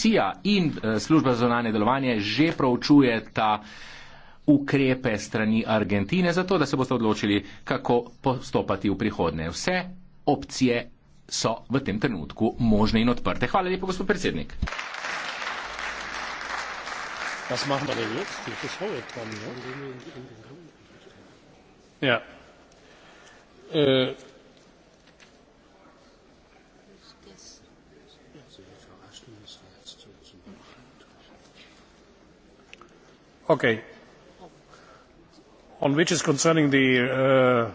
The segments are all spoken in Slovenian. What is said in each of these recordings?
policija in eh, služba za zonanje delovanje že proučujeta ukrepe strani Argentine, zato da se boste odločili, kako postopati v prihodnje. Vse opcije so v tem trenutku možne in odprte. Hvala lepo, gospod predsednik. Ja. Äh, which is concerning the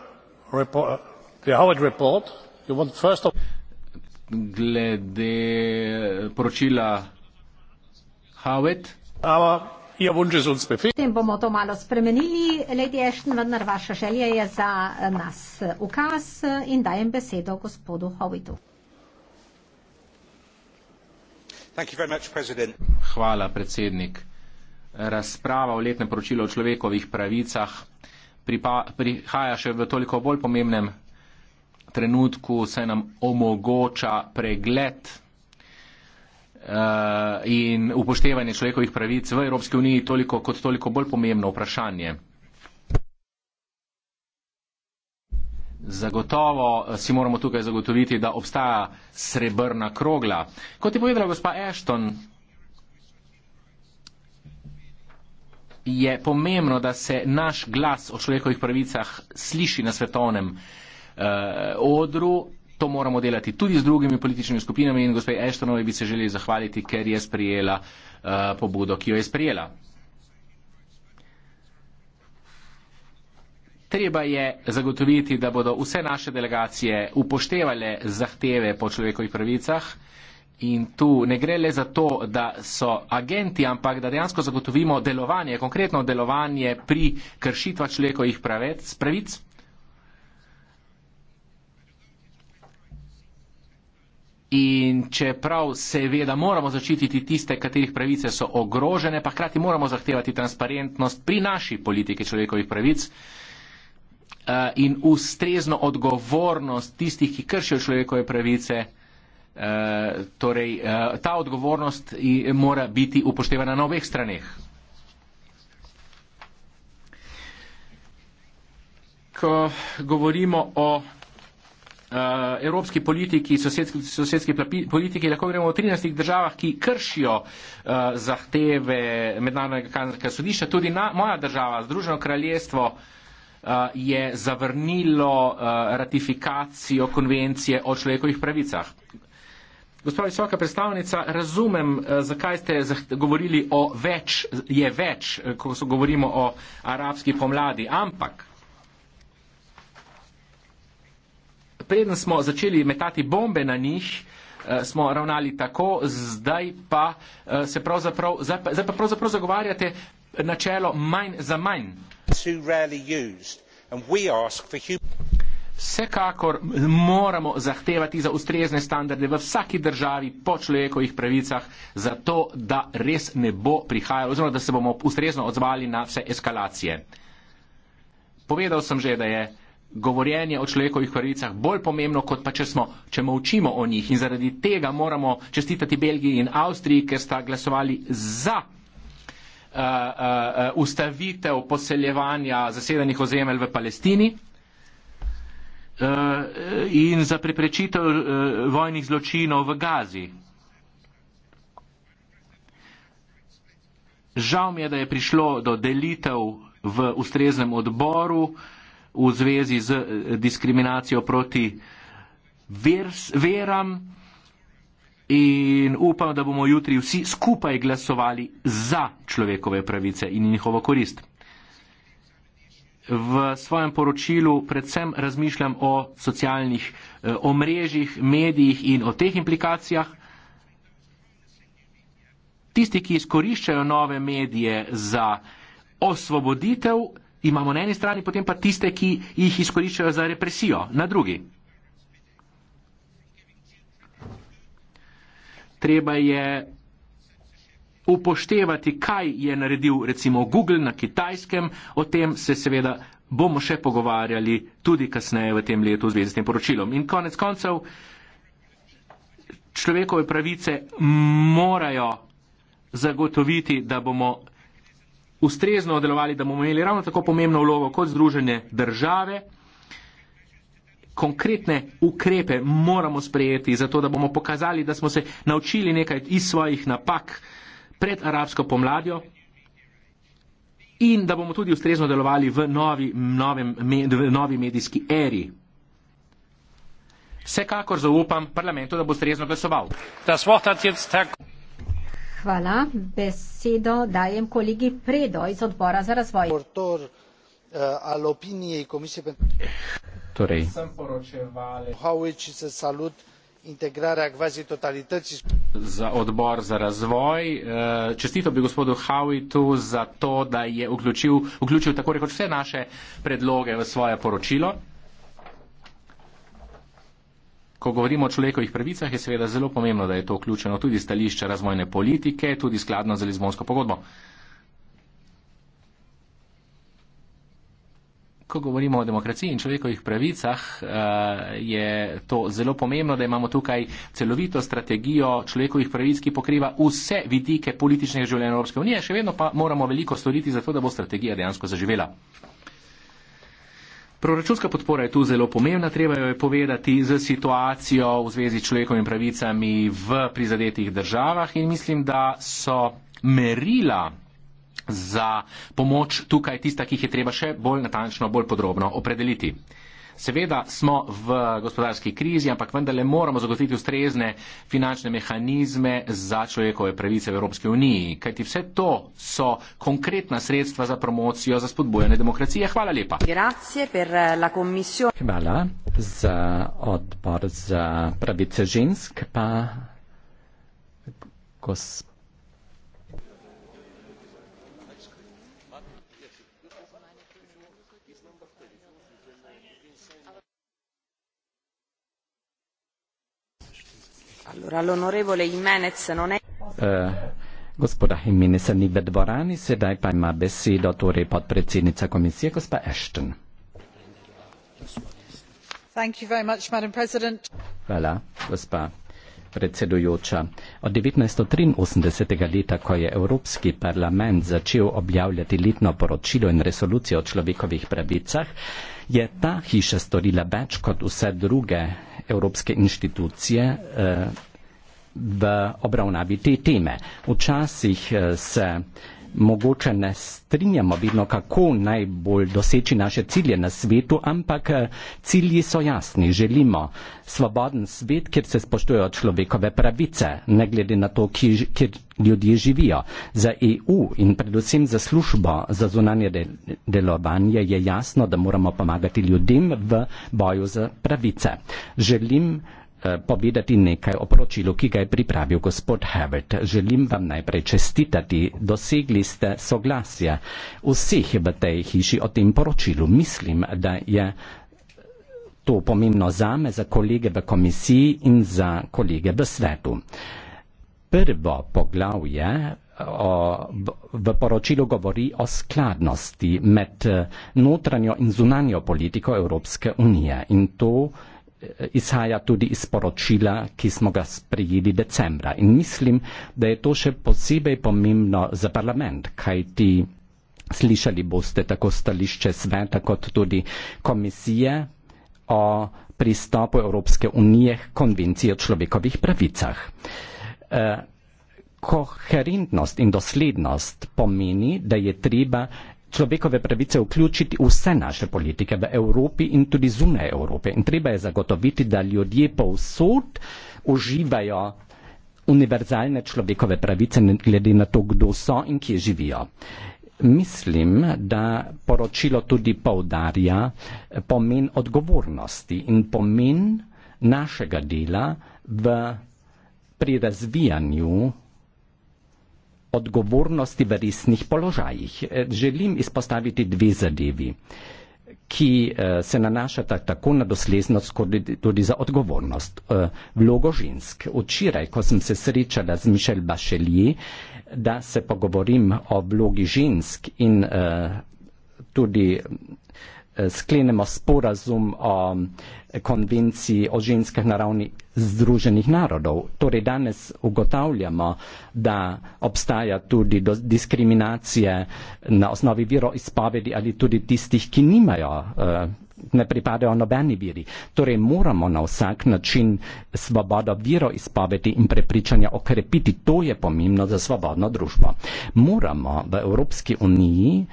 uh, howitt report you want first of. glede poročila howitt. aber ihr wunsch ist uns befehl. den bomo to malo spremenili lady ashton vendar vaša želja je za eh, nas eh, ukaz eh, in dajem besedo gospodu howittu. Thank you very much, President. Hvala, predsednik razprava o letnem poročilu o človekovih pravicah prihaja še v toliko bolj pomembnem trenutku, saj nam omogoča pregled eh, in upoštevanje človekovih pravic v Evropski uniji toliko kot toliko bolj pomembno vprašanje. Zagotovo eh, si moramo tukaj zagotoviti, da obstaja srebrna krogla. Kot je povedala gospa Ashton, je pomembno, da se naš glas o človekovih pravicah sliši na svetovnem eh, odru. To moramo delati tudi z drugimi političnimi skupinami in gospe Eštonovi bi se želeli zahvaliti, ker je sprijela eh, pobudo, ki jo je sprijela. Treba je zagotoviti, da bodo vse naše delegacije upoštevale zahteve po človekovih pravicah. In tu ne gre le za to, da so agenti, ampak da dejansko zagotovimo delovanje, konkretno delovanje pri kršitvah človekovih pravic. In čeprav seveda moramo zaščititi tiste, katerih pravice so ogrožene, pa hkrati moramo zahtevati transparentnost pri naši politiki človekovih pravic eh, in ustrezno odgovornost tistih, ki kršijo človekove pravice Eh, torej, eh, ta odgovornost mora biti upoštevana na obeh straneh. Ko govorimo o uh, evropski politiki, sosedski, sosedski politiki, lahko gremo o 13 državah, ki kršijo uh, zahteve Mednarodnega kanadskega sodišča. Tudi na, moja država, Združeno kraljestvo, uh, je zavrnilo uh, ratifikacijo konvencije o človekovih pravicah. Gospa visoka predstavnica, razumem, eh, zakaj ste govorili o več, je več, eh, ko so govorimo o arabski pomladi, ampak preden smo začeli metati bombe na njih, eh, smo ravnali tako, zdaj pa se pravzaprav, zdaj pa pravzaprav zagovarjate načelo manj za manj. Vsekakor moramo zahtevati za ustrezne standarde v vsaki državi po človekovih pravicah, zato da res ne bo prihajalo oziroma da se bomo ustrezno odzvali na vse eskalacije. Povedal sem že, da je govorjenje o človekovih pravicah bolj pomembno, kot pa če, smo, če molčimo o njih in zaradi tega moramo čestitati Belgiji in Avstriji, ker sta glasovali za uh, uh, uh, ustavitev poseljevanja zasedenih ozemelj v Palestini. Eh, in za preprečitev eh, vojnih zločinov v Gazi. Žal mi je, da je prišlo do delitev v ustreznem odboru v zvezi z eh, diskriminacijo proti vers, veram in upam, da bomo jutri vsi skupaj glasovali za človekove pravice in njihovo korist v svojem poročilu predvsem razmišljam o socialnih eh, omrežjih, medijih in o teh implikacijah. Tisti, ki izkoriščajo nove medije za osvoboditev, imamo na eni strani, potem pa tiste, ki jih izkoriščajo za represijo, na drugi. Treba je upoštevati, kaj je naredil recimo Google na kitajskem, o tem se seveda bomo še pogovarjali tudi kasneje v tem letu v zvezi s tem poročilom. In konec koncev, človekove pravice morajo zagotoviti, da bomo ustrezno delovali, da bomo imeli ravno tako pomembno vlogo kot združene države. Konkretne ukrepe moramo sprejeti, zato da bomo pokazali, da smo se naučili nekaj iz svojih napak, pred arabsko pomladjo in da bomo tudi ustrezno delovali v novi, novem, med, v novi medijski eri. Vsekakor zaupam parlamentu, da bo ustrezno glasoval. Hvala. Besedo dajem kolegi Predo iz odbora za razvoj. Eh, torej. Sem poročevalec integrarea kvazi totalității. Za odbor za razvoj. Eh, čestito bi gospodu Howitu za to, da je vključil, vključil tako rekoč vse naše predloge v svoje poročilo. Ko govorimo o človekovih pravicah, je seveda zelo pomembno, da je to vključeno tudi stališče razvojne politike, tudi skladno z Lizbonsko pogodbo. ko govorimo o demokraciji in človekovih pravicah, eh, je to zelo pomembno, da imamo tukaj celovito strategijo človekovih pravic, ki pokriva vse vidike političnega življenja Evropske unije. Še vedno pa moramo veliko storiti za to, da bo strategija dejansko zaživela. Proračunska podpora je tu zelo pomembna, treba jo je povedati z situacijo v zvezi s človekovimi pravicami v prizadetih državah in mislim, da so merila za pomoč tukaj tista, ki jih je treba še bolj natančno, bolj podrobno opredeliti. Seveda smo v gospodarski krizi, ampak vendarle moramo zagotoviti ustrezne finančne mehanizme za človekove pravice v Evropski uniji, kajti vse to so konkretna sredstva za promocijo, za spodbojanje demokracije. Hvala lepa. Hvala za odbor za pravice žensk, pa gospod. Allora, l'onorevole Jimenez non è. Uh, gospoda Jimenez ni v dvorani, sedaj pa ima besedo torej podpredsednica komisije, gospa Ashton. Thank you very much, Madam President. Hvala, gospa predsedujoča. Od 1983. leta, ko je Evropski parlament začel objavljati letno poročilo in resolucijo o človekovih pravicah, je ta hiša storila več kot vse druge evropske inštitucije eh, v obravnavi te teme. Včasih eh, se eh, mogoče ne strinjamo vedno, kako najbolj doseči naše cilje na svetu, ampak eh, cilji so jasni. Želimo svoboden svet, kjer se spoštujejo človekove pravice, ne glede na to, kje, kjer ljudje živijo. Za EU in predvsem za službo za zunanje delovanje je jasno, da moramo pomagati ljudem v boju za pravice. Želim Eh, povedati nekaj o poročilu, ki ga je pripravil gospod Herbert. Želim vam najprej čestitati, dosegli ste soglasje vseh v tej hiši o tem poročilu. Mislim, da je to pomembno zame, za kolege v komisiji in za kolege v svetu. Prvo poglavje o, v poročilu govori o skladnosti med eh, notranjo in zunanjo politiko Evropske unije in to Isaja tudi izporočila, ki smo ga sprejeli decembra. In mislim, da je to še posebej pomembno za parlament, kaj ti slišali boste tako stališče sveta kot tudi komisije o pristopu Evropske unije k konvenciji o človekovih pravicah. E, koherentnost in doslednost pomeni, da je treba človekove pravice vključiti vse naše politike v Evropi in tudi zunaj Evrope. In treba je zagotoviti, da ljudje povsod uživajo univerzalne človekove pravice, glede na to, kdo so in kje živijo. Mislim, da poročilo tudi povdarja pomen odgovornosti in pomen našega dela v, pri razvijanju odgovornosti v resnih položajih. E, želim izpostaviti dve zadevi, ki e, se nanašata tako na doslednost, kot tudi za odgovornost. E, vlogo žensk. Včeraj, ko sem se srečala z Mišel Bašelji, da se pogovorim o vlogi žensk in tudi Eh, sklenemo sporazum o mm, konvenciji o ženskih naravni Združenih narodov. Torej danes ugotavljamo, da obstaja tudi diskriminacija na osnovi veroizpovedi ali tudi tistih, ki nimajo, eh, ne pripadajo nobeni veri. Torej moramo na vsak način svobodo veroizpovedi in prepričanja okrepiti. To je pomembno za svobodno družbo. Moramo v Evropski uniji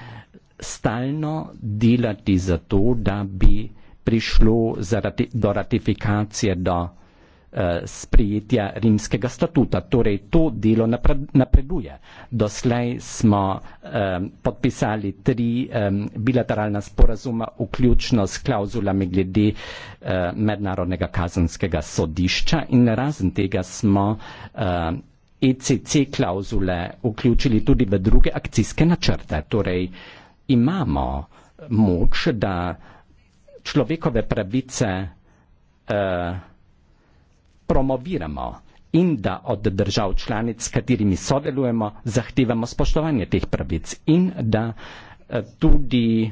stalno delati za to, da bi prišlo rati, do ratifikacije, do uh, sprejetja rimskega statuta. Torej, to delo napreduje. Doslej smo um, podpisali tri um, bilateralna sporazuma, vključno s klauzulami glede uh, mednarodnega kazanskega sodišča in razen tega smo um, ECC klauzule vključili tudi v druge akcijske načrte. Torej, imamo moč, da človekove pravice eh, promoviramo in da od držav članic, s katerimi sodelujemo, zahtevamo spoštovanje teh pravic in da eh, tudi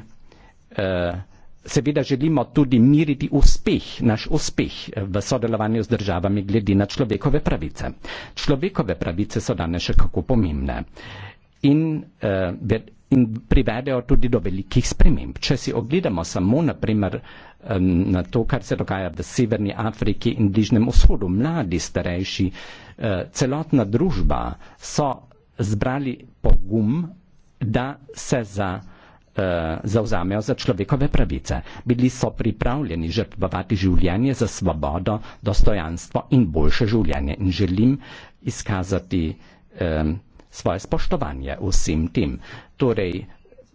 eh, seveda želimo tudi miriti uspeh, naš uspeh eh, v sodelovanju z državami glede na človekove pravice. Človekove pravice so danes še kako pomembne. In eh, in privedejo tudi do velikih sprememb. Če si ogledamo samo naprimer na to, kar se dogaja v Severni Afriki in Bližnem vzhodu, mladi, starejši, eh, celotna družba so zbrali pogum, da se za eh, zauzamejo za človekove pravice. Bili so pripravljeni žrtvovati življenje za svobodo, dostojanstvo in boljše življenje. In želim izkazati eh, svoje spoštovanje vsem tem. Torej,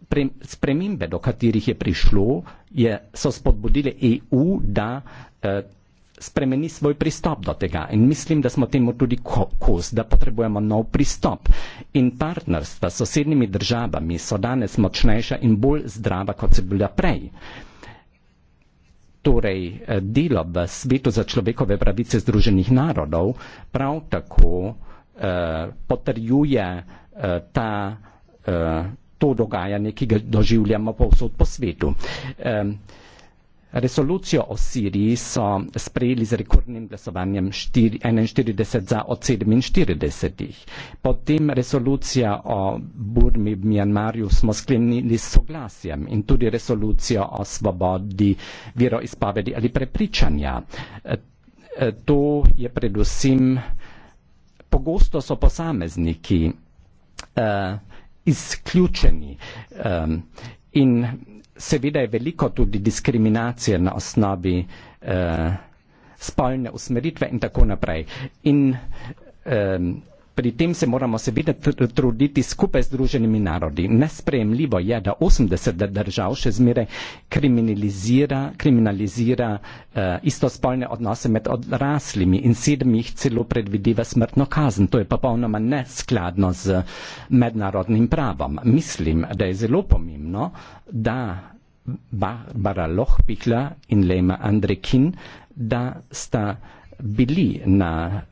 pre, spremembe, do katerih je prišlo, je, so spodbudile EU, da eh, spremeni svoj pristop do tega. In mislim, da smo temu tudi ko, kos, da potrebujemo nov pristop. In partnerstva s sosednjimi državami so danes močnejša in bolj zdrava, kot so bila prej. Torej, eh, delo v svetu za človekove pravice Združenih narodov prav tako Eh, potrjuje eh, ta, eh, to dogajanje, ki ga doživljamo povsod po svetu. Resolucijo o Siriji so sprejeli z rekordnim glasovanjem 41 za od 47. Potem resolucija o Burmi v Mjanmarju smo sklenili s soglasjem in tudi resolucijo o svobodi veroizpovedi ali prepričanja. To je predvsem uh, pogosto so posamezniki uh, izključeni um, in seveda je veliko tudi diskriminacije na osnovi uh, spolne usmeritve in tako naprej. In, um, Pri tem se moramo seveda tr truditi skupaj z druženimi narodi. Nesprejemljivo je, da 80 držav še zmeraj kriminalizira, kriminalizira uh, istospolne odnose med odraslimi in sedem jih celo predvideva smrtno kazen. To je pa polnoma neskladno z mednarodnim pravom. Mislim, da je zelo pomembno, da Barbara Lohpihla in Lema Andrekin, da sta bili na uh,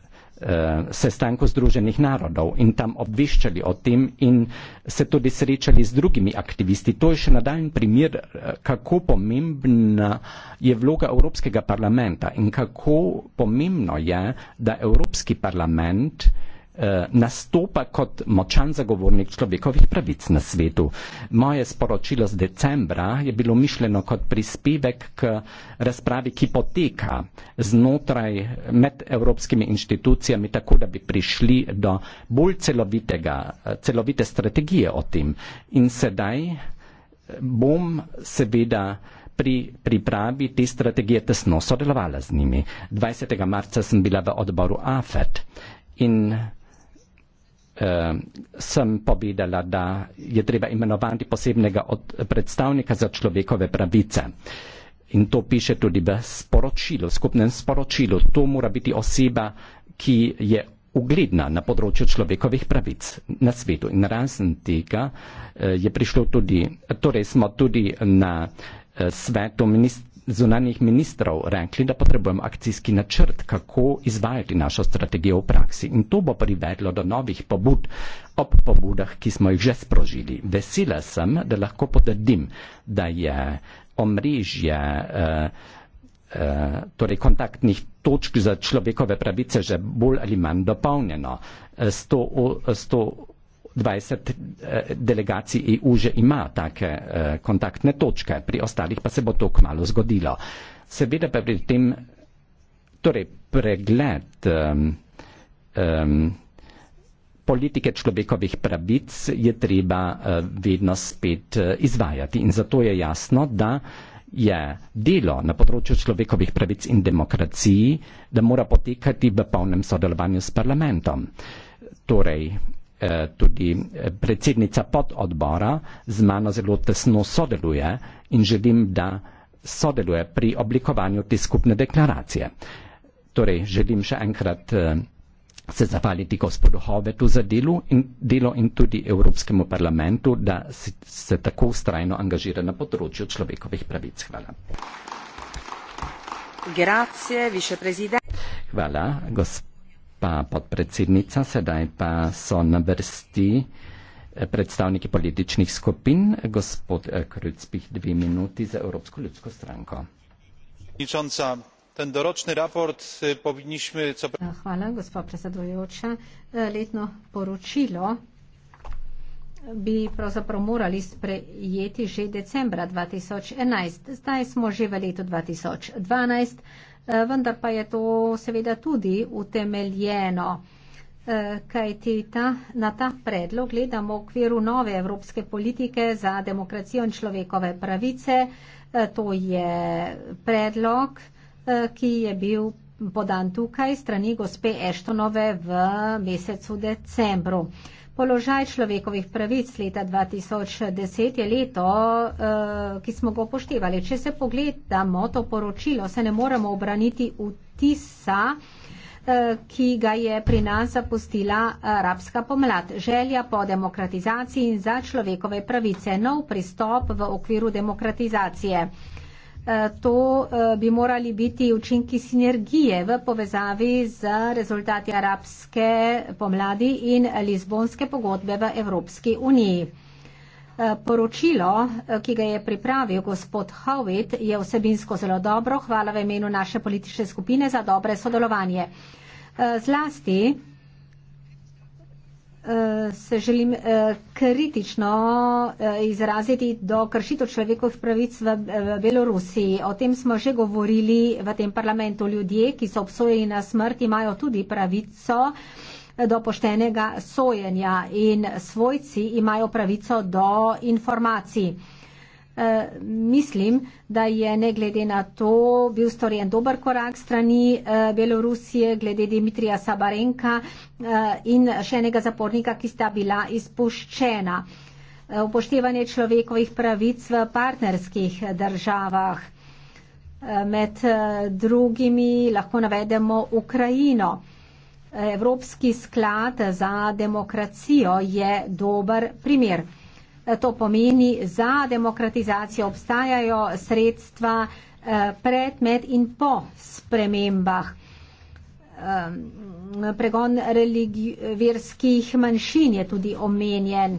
Eh, sestanku Združenih narodov in tam obveščali o tem in se tudi srečali z drugimi aktivisti. To je še nadaljen primer, eh, kako pomembna je vloga Evropskega parlamenta in kako pomembno je, da Evropski parlament uh, Eh, nastopa kot močan zagovornik človekovih pravic na svetu. Moje sporočilo z decembra je bilo mišljeno kot prispevek k razpravi, ki poteka znotraj med evropskimi inštitucijami, tako da bi prišli do bolj celovitega, eh, celovite strategije o tem. In sedaj bom seveda pri pripravi te strategije tesno sodelovala z njimi. 20. marca sem bila v odboru AFED in Ehm, sem povedala, da je treba imenovati posebnega od, predstavnika za človekove pravice. In to piše tudi v sporočilu, skupnem sporočilu. To mora biti oseba, ki je ugledna na področju človekovih pravic na svetu. In razen tega eh, je prišlo tudi, torej smo tudi na eh, svetu ministrstva, zunanjih ministrov rekli, da potrebujemo akcijski načrt, kako izvajati našo strategijo v praksi. In to bo privedlo do novih pobud ob pobudah, ki smo jih že sprožili. Vesela sem, da lahko potrdim, da je omrežje uh, torej kontaktnih točk za človekove pravice že bolj ali manj dopolnjeno. 100, eh, 100, 20 eh, delegacij EU že ima take eh, kontaktne točke, pri ostalih pa se bo to kmalo zgodilo. Seveda pa pri tem torej pregled um, um, politike človekovih pravic je treba uh, vedno spet uh, izvajati in zato je jasno, da je delo na področju človekovih pravic in demokraciji, da mora potekati v polnem sodelovanju s parlamentom. Torej, Eh, tudi eh, predsednica pododbora z mano zelo tesno sodeluje in želim, da sodeluje pri oblikovanju te skupne deklaracije. Torej, želim še enkrat eh, se zahvaliti gospodu Hovetu za delu in, delo in tudi Evropskemu parlamentu, da se, se tako ustrajno angažira na področju človekovih pravic. Hvala. Grazie, Hvala, gospod pa podpredsednica, sedaj pa so na vrsti eh, predstavniki političnih skupin, gospod eh, Krucpih, dve minuti za Evropsko ljudsko stranko. Ten doročni raport eh, povinniśmy... Ja, hvala, gospod predsedujoča. Letno poročilo bi pravzaprav morali sprejeti že decembra 2011. Zdaj smo že v letu 2012. Eh, vendar pa je to seveda tudi utemeljeno, eh, kaj ti ta, na ta predlog gledamo v okviru nove evropske politike za demokracijo in človekove pravice. Eh, to je predlog, ki je bil podan tukaj strani gospe Eštonove v mesecu decembru. Položaj človekovih pravic leta 2010 je leto, eh, ki smo ga upoštevali. Če se pogledamo to poročilo, se ne moremo obraniti vtisa, eh, ki ga je pri nas zapustila arabska pomlad. Želja po demokratizaciji in za človekove pravice. Nov pristop v okviru demokratizacije. Eh, to eh, bi morali biti učinki sinergije v povezavi z rezultati arabske pomladi in lizbonske pogodbe v Evropski uniji. Eh, poročilo, ki ga je pripravil gospod Howitt, je vsebinsko zelo dobro. Hvala v imenu naše politične skupine za dobre sodelovanje. Zlasti Eh, se želim eh, kritično eh, izraziti do kršitev človekovih pravic v Belorusiji. O tem smo že govorili v tem parlamentu. Ljudje, ki so obsojeni na smrt, imajo tudi pravico do poštenega sojenja in svojci imajo pravico do informacij mislim, da je ne glede na to bil storjen dober korak strani uh, Belorusije glede Dimitrija Sabarenka uh, in še enega zapornika, ki sta bila izpuščena. Eh, upoštevanje človekovih pravic v partnerskih državah. Med drugimi lahko navedemo Ukrajino. Evropski sklad za demokracijo je dober primer to pomeni za demokratizacijo obstajajo sredstva eh, pred, med in po spremembah. Eh, pregon verskih manjšin je tudi omenjen. Eh,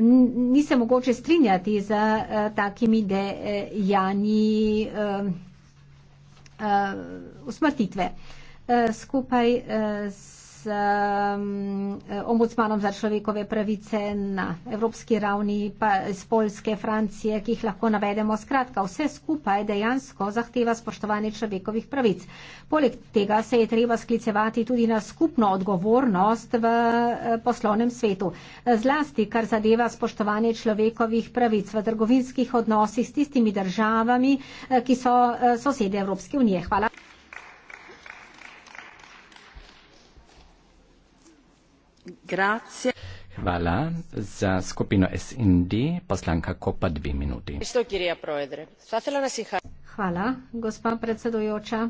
ni se mogoče strinjati z takimi dejanji usmrtitve. Skupaj s s um, ombudsmanom za človekove pravice na evropski ravni, pa iz Polske, Francije, ki jih lahko navedemo. Skratka, vse skupaj dejansko zahteva spoštovanje človekovih pravic. Poleg tega se je treba sklicevati tudi na skupno odgovornost v eh, poslovnem svetu. Zlasti, kar zadeva spoštovanje človekovih pravic v trgovinskih odnosih s tistimi državami, eh, ki so eh, sosede Evropske unije. Hvala. Grazie. Hvala. Za skupino SND poslanka Kopa dve minuti. Hvala, gospa predsedujoča.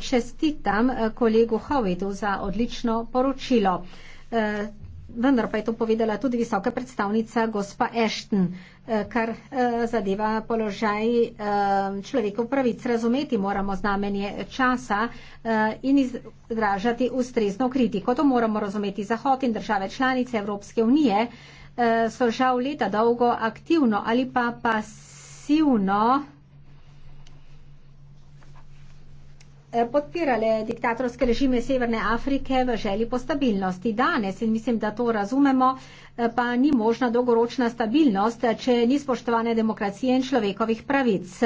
Čestitam kolegu Hovidu za odlično poročilo vendar pa je to povedala tudi visoka predstavnica gospa Ashton, eh, kar eh, zadeva položaj eh, človekov pravic. Razumeti moramo znamenje časa in izražati ustrezno kritiko. To moramo razumeti Zahod in države članice Evropske unije so žal leta dolgo aktivno ali pa pasivno Eh, podpirale diktatorske režime Severne Afrike v želji po stabilnosti. Danes, in mislim, da to razumemo, eh, pa ni možna dolgoročna stabilnost, eh, če ni spoštovane demokracije in človekovih pravic.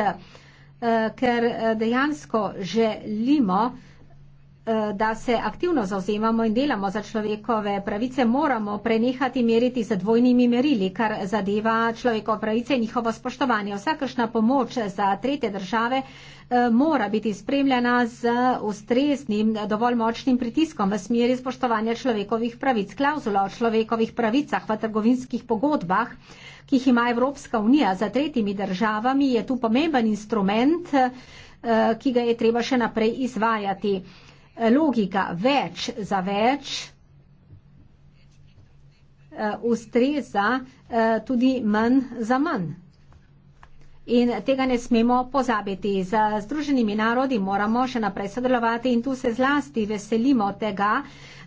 Ker dejansko želimo, Eh, da se aktivno zauzemamo in delamo za človekove pravice, moramo prenehati meriti z dvojnimi merili, kar zadeva človekove pravice in njihovo spoštovanje. Vsakršna pomoč za tretje države eh, mora biti spremljena z ustreznim, dovolj močnim pritiskom v smeri spoštovanja človekovih pravic. Klauzula o človekovih pravicah v trgovinskih pogodbah, ki jih ima Evropska unija za tretjimi državami, je tu pomemben instrument, eh, ki ga je treba še naprej izvajati logika več za več eh, ustreza eh, tudi manj za manj. In tega ne smemo pozabiti. Z Združenimi narodi moramo še naprej sodelovati in tu se zlasti veselimo tega,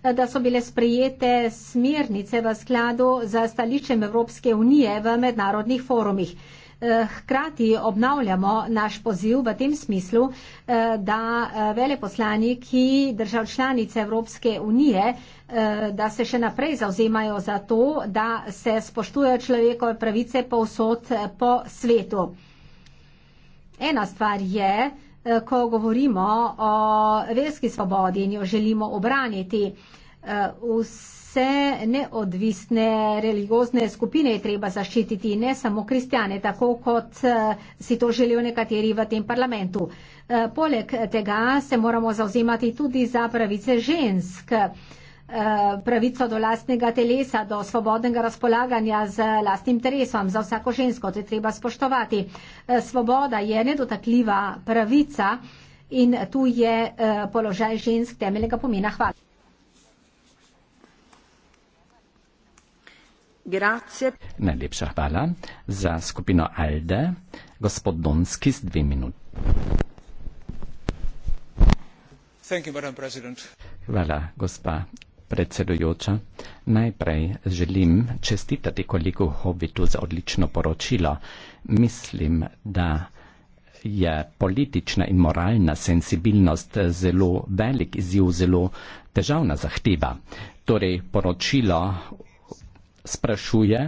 eh, da so bile sprejete smernice v skladu z stališčem Evropske unije v mednarodnih forumih. Eh, hkrati obnavljamo naš poziv v tem smislu, eh, da eh, veleposlaniki držav članic Evropske unije, da se še naprej zauzemajo za to, da se spoštujejo človekove pravice povsod po svetu. Ena stvar je, ko govorimo o verski svobodi in jo želimo obraniti. Vse vse neodvisne religiozne skupine je treba zaščititi, ne samo kristjane, tako kot eh, si to želijo nekateri v tem parlamentu. Eh, poleg tega se moramo zauzemati tudi za pravice žensk, eh, pravico do lastnega telesa, do svobodnega razpolaganja z lastnim telesom. Za vsako žensko to je treba spoštovati. Svoboda je nedotakljiva pravica. In tu je položaj žensk temeljnega pomena. Hvala. Grazie. Najlepša hvala za skupino Alde. Gospod Donski z dve minuti. Hvala, gospa predsedujoča. Najprej želim čestitati kolegu Hovitu za odlično poročilo. Mislim, da je politična in moralna sensibilnost zelo velik izziv, zelo težavna zahteva. Torej, poročilo sprašuje,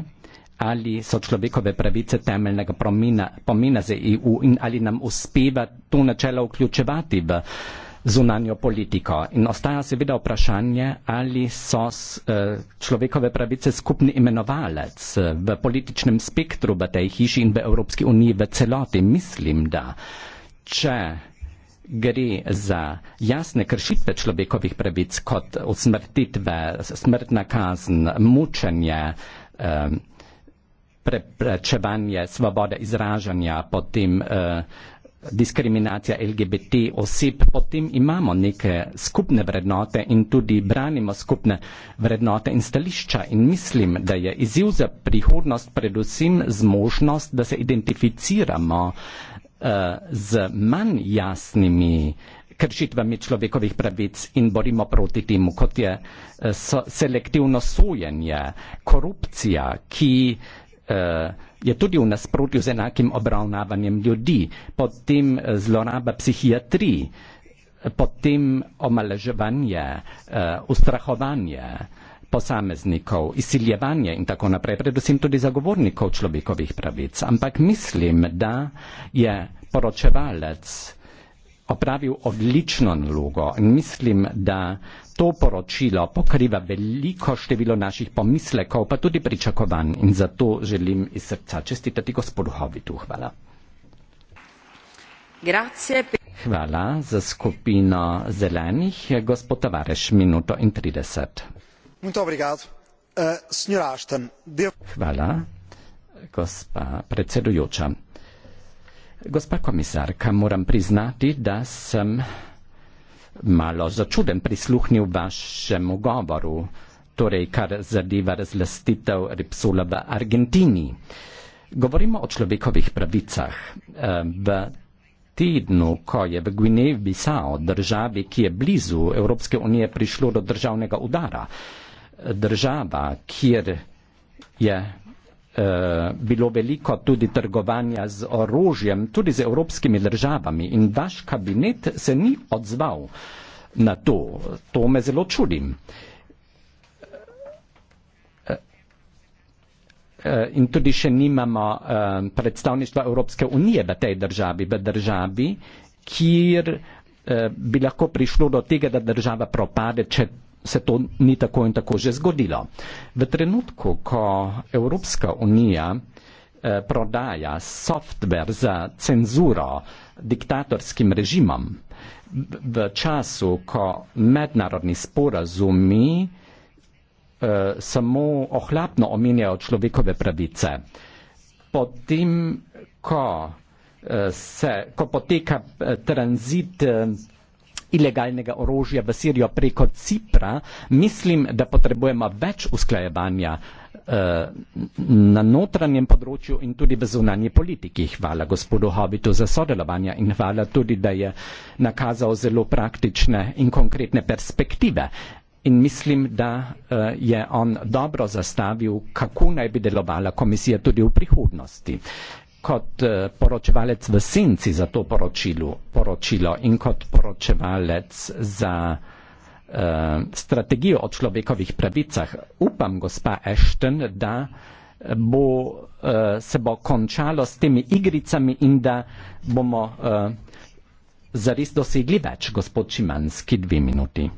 ali so človekove pravice temeljnega promina, pomena za EU in ali nam uspeva to načelo vključevati v zunanjo politiko. In ostaja seveda vprašanje, ali so eh, človekove pravice skupni imenovalec eh, v političnem spektru v tej hiši in v Evropski uniji v celoti. Mislim, da če gre za jasne kršitve človekovih pravic, kot usmrtitve, smrtna kazen, mučenje, preprečevanje svobode izražanja, potem eh, diskriminacija LGBT oseb, potem imamo neke skupne vrednote in tudi branimo skupne vrednote in stališča. In mislim, da je izziv za prihodnost predvsem zmožnost, da se identificiramo uh, Eh, z manj jasnimi kršitvami človekovih pravic in borimo proti temu, kot je eh, so, selektivno sojenje, korupcija, ki eh, je tudi v nasprotju z enakim obravnavanjem ljudi, potem eh, zloraba psihiatrije, potem omaleževanje, eh, ustrahovanje. Eh, posameznikov, izsiljevanje in tako naprej, predvsem tudi zagovornikov človekovih pravic. Ampak mislim, da je poročevalec opravil odlično nalogo in mislim, da to poročilo pokriva veliko število naših pomislekov, pa tudi pričakovanj in zato želim iz srca čestitati gospodu Hovitu. Hvala. Grazie. Hvala za skupino zelenih. Gospod Tavareš, minuto in trideset. Eh, Hvala, gospa predsedujoča. Gospa komisarka, moram priznati, da sem malo začuden prisluhnil vašemu govoru, torej kar zadeva razlastitev Repsola v Argentini. Govorimo o človekovih pravicah. Eh, v tednu, ko je v Gvineji Bisao, državi, ki je blizu Evropske unije, prišlo do državnega udara, država, kjer je e, bilo veliko tudi trgovanja z orožjem, tudi z evropskimi državami in vaš kabinet se ni odzval na to. To me zelo čudim. Eh, eh, in tudi še nimamo uh, predstavništva Evropske unije v tej državi, v državi, kjer uh, bi lahko prišlo do tega, da država propade, če se to ni tako in tako že zgodilo. V trenutku, ko Evropska unija eh, prodaja software za cenzuro diktatorskim režimom, v času, ko mednarodni sporazumi eh, samo ohlapno omenjajo človekove pravice, potem, ko, eh, se, ko poteka eh, tranzit eh, ilegalnega orožja v Sirijo preko Cipra, mislim, da potrebujemo več usklajevanja eh, na notranjem področju in tudi v zunanji politiki. Hvala gospodu Hobitu za sodelovanje in hvala tudi, da je nakazal zelo praktične in konkretne perspektive. In mislim, da eh, je on dobro zastavil, kako naj bi delovala komisija tudi v prihodnosti kot eh, poročevalec v senci za to poročilo, poročilo in kot poročevalec za uh, strategijo o človekovih pravicah. Upam, gospa Ashton, da bo, uh, se bo končalo s temi igricami in da bomo uh, zares dosegli več, gospod Čimanski, dve minuti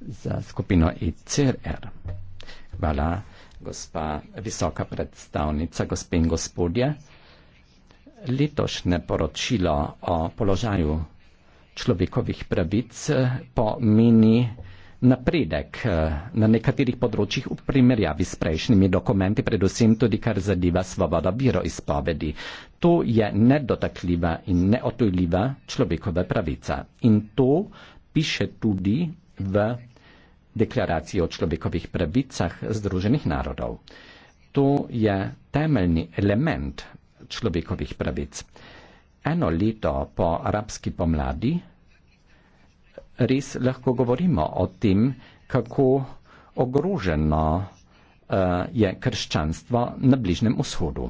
za skupino ICR. E Hvala, gospa visoka predstavnica, gospe in gospodje letošnje poročilo o položaju človekovih pravic pomeni napredek eh, na nekaterih področjih v primerjavi s prejšnjimi dokumenti, predvsem tudi kar zadeva svobodo veroizpovedi. To je nedotakljiva in neotujljiva človekova pravica. In to piše tudi v deklaraciji o človekovih pravicah Združenih narodov. To je temeljni element človekovih pravic. Eno leto po arabski pomladi res lahko govorimo o tem, kako ogroženo eh, je krščanstvo na Bližnem vzhodu.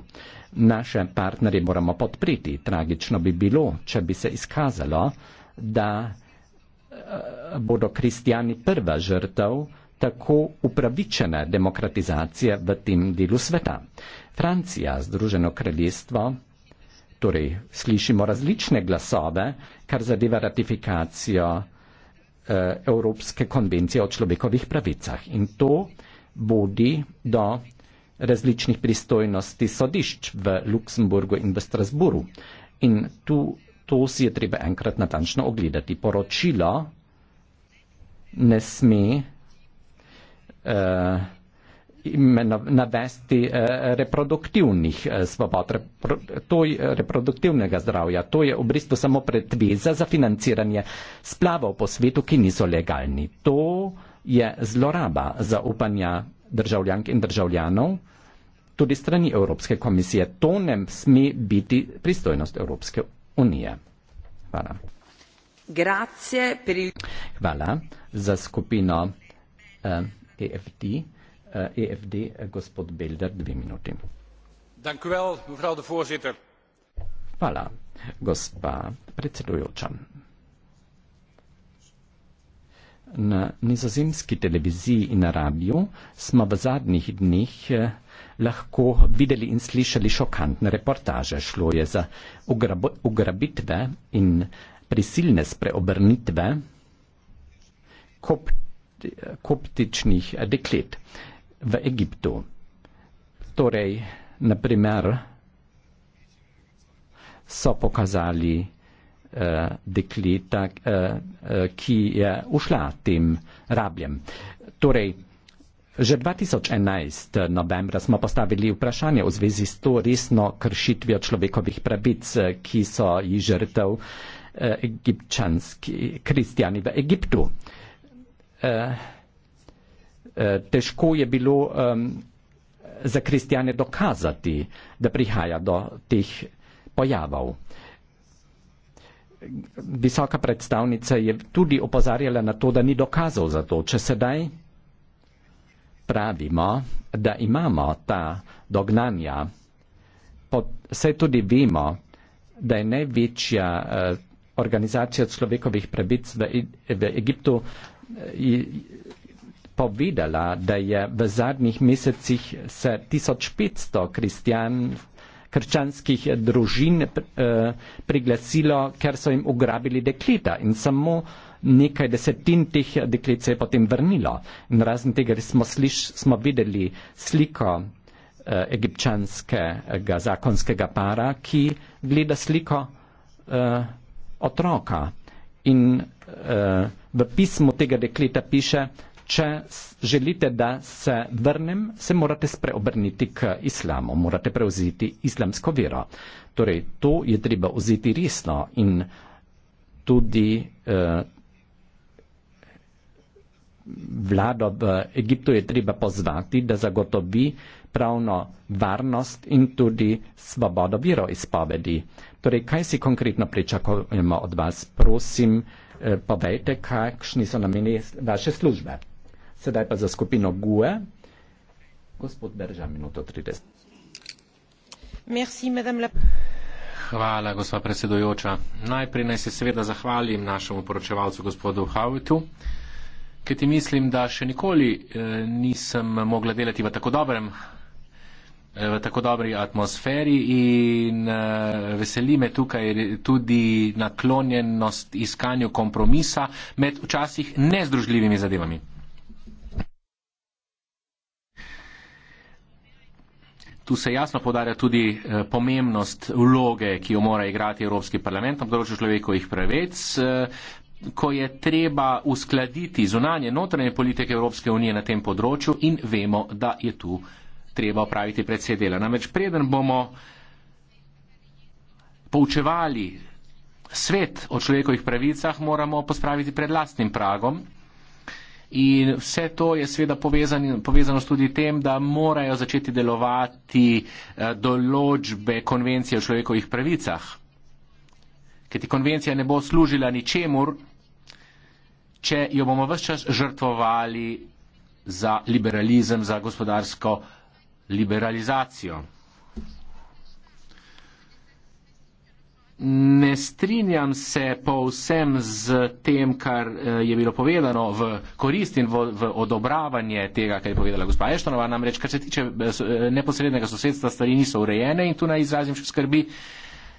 Naše partnerje moramo podpreti. Tragično bi bilo, če bi se izkazalo, da eh, bodo kristijani prva žrtev tako upravičene demokratizacije v tem delu sveta. Francija, Združeno kraljestvo, torej slišimo različne glasove, kar zadeva ratifikacijo eh, Evropske konvencije o človekovih pravicah. In to bodi do različnih pristojnosti sodišč v Luksemburgu in v Strasburu. In tu, to si je treba enkrat natančno ogledati. Poročilo ne sme. Eh, navesti eh, reproduktivnih eh, svobod, to je eh, reproduktivnega zdravja. To je v bistvu samo predveza za financiranje splavov po svetu, ki niso legalni. To je zloraba zaupanja državljank in državljanov tudi strani Evropske komisije. To ne sme biti pristojnost Evropske unije. Hvala. Grazie per il... Hvala za skupino eh, EFD efd eh, e eh, gospod belder dve minuti Dank u wel, mevrouw de voorzitter. Voilà, gospa predsedujoča. Na nizozemski televiziji in na radiju smo v zadnjih dneh eh, lahko videli in slišali šokantne reportaže. Šlo je za ugrabitve in prisilne spreobrnitve kopt, koptičnih deklet v Egiptu. Torej, naprimer, so pokazali eh, dekleta, eh, eh, ki je ušla tem rabljem. Torej, že 2011 novembra smo postavili vprašanje v zvezi s to resno kršitvijo človekovih pravic, eh, ki so ji žrtev eh, egipčanski kristjani v Egiptu. Eh, Eh, težko je bilo um, za kristijane dokazati, da prihaja do teh pojavov. Visoka predstavnica je tudi opozarjala na to, da ni dokazov za to, če sedaj pravimo, da imamo ta dognanja, saj tudi vemo, da je največja eh, organizacija človekovih pravic v, e-, v Egiptu eh, povedala, da je v zadnjih mesecih se 1500 kristjan, krščanskih družin eh, priglasilo, ker so jim ugrabili dekleta in samo nekaj desetin teh deklet se je potem vrnilo. In razen tega smo, sliš, smo videli sliko eh, egipčanskega zakonskega para, ki gleda sliko eh, otroka. In eh, v pismu tega dekleta piše, Če želite, da se vrnem, se morate spreobrniti k islamu, morate prevzeti islamsko vero. Torej, to je treba vzeti resno in tudi eh, vlado v Egiptu je treba pozvati, da zagotovi pravno varnost in tudi svobodo vero izpovedi. Torej, kaj si konkretno pričakujemo od vas? Prosim, eh, povejte, kakšni so nameni vaše službe. Sedaj pa za skupino GUE. Gospod Berža, minuto 30. Merci, la... Hvala, gospa predsedojoča. Najprej naj se seveda zahvalim našemu poročevalcu, gospodu Havitu, ker ti mislim, da še nikoli eh, nisem mogla delati v tako dobrem eh, v tako dobri atmosferi in uh, veseli me tukaj tudi naklonjenost iskanju kompromisa med včasih nezdružljivimi zadevami. Tu se jasno podarja tudi eh, pomembnost vloge, ki jo mora igrati Evropski parlament na področju človekovih pravic, eh, ko je treba uskladiti zunanje notranje politike Evropske unije na tem področju in vemo, da je tu treba opraviti predsej dela. Namreč preden bomo poučevali svet o človekovih pravicah, moramo pospraviti pred lastnim pragom. In vse to je seveda povezano s tudi tem, da morajo začeti delovati eh, določbe konvencije o človekovih pravicah. Ker ti konvencija ne bo služila ničemur, če jo bomo vse čas žrtvovali za liberalizem, za gospodarsko liberalizacijo. Ne strinjam se povsem z tem, kar eh, je bilo povedano v korist in v, v odobravanje tega, kar je povedala gospa Eštonova. Namreč, kar se tiče eh, eh, neposrednega sosedstva, stvari niso urejene in tu naj izrazim še skrbi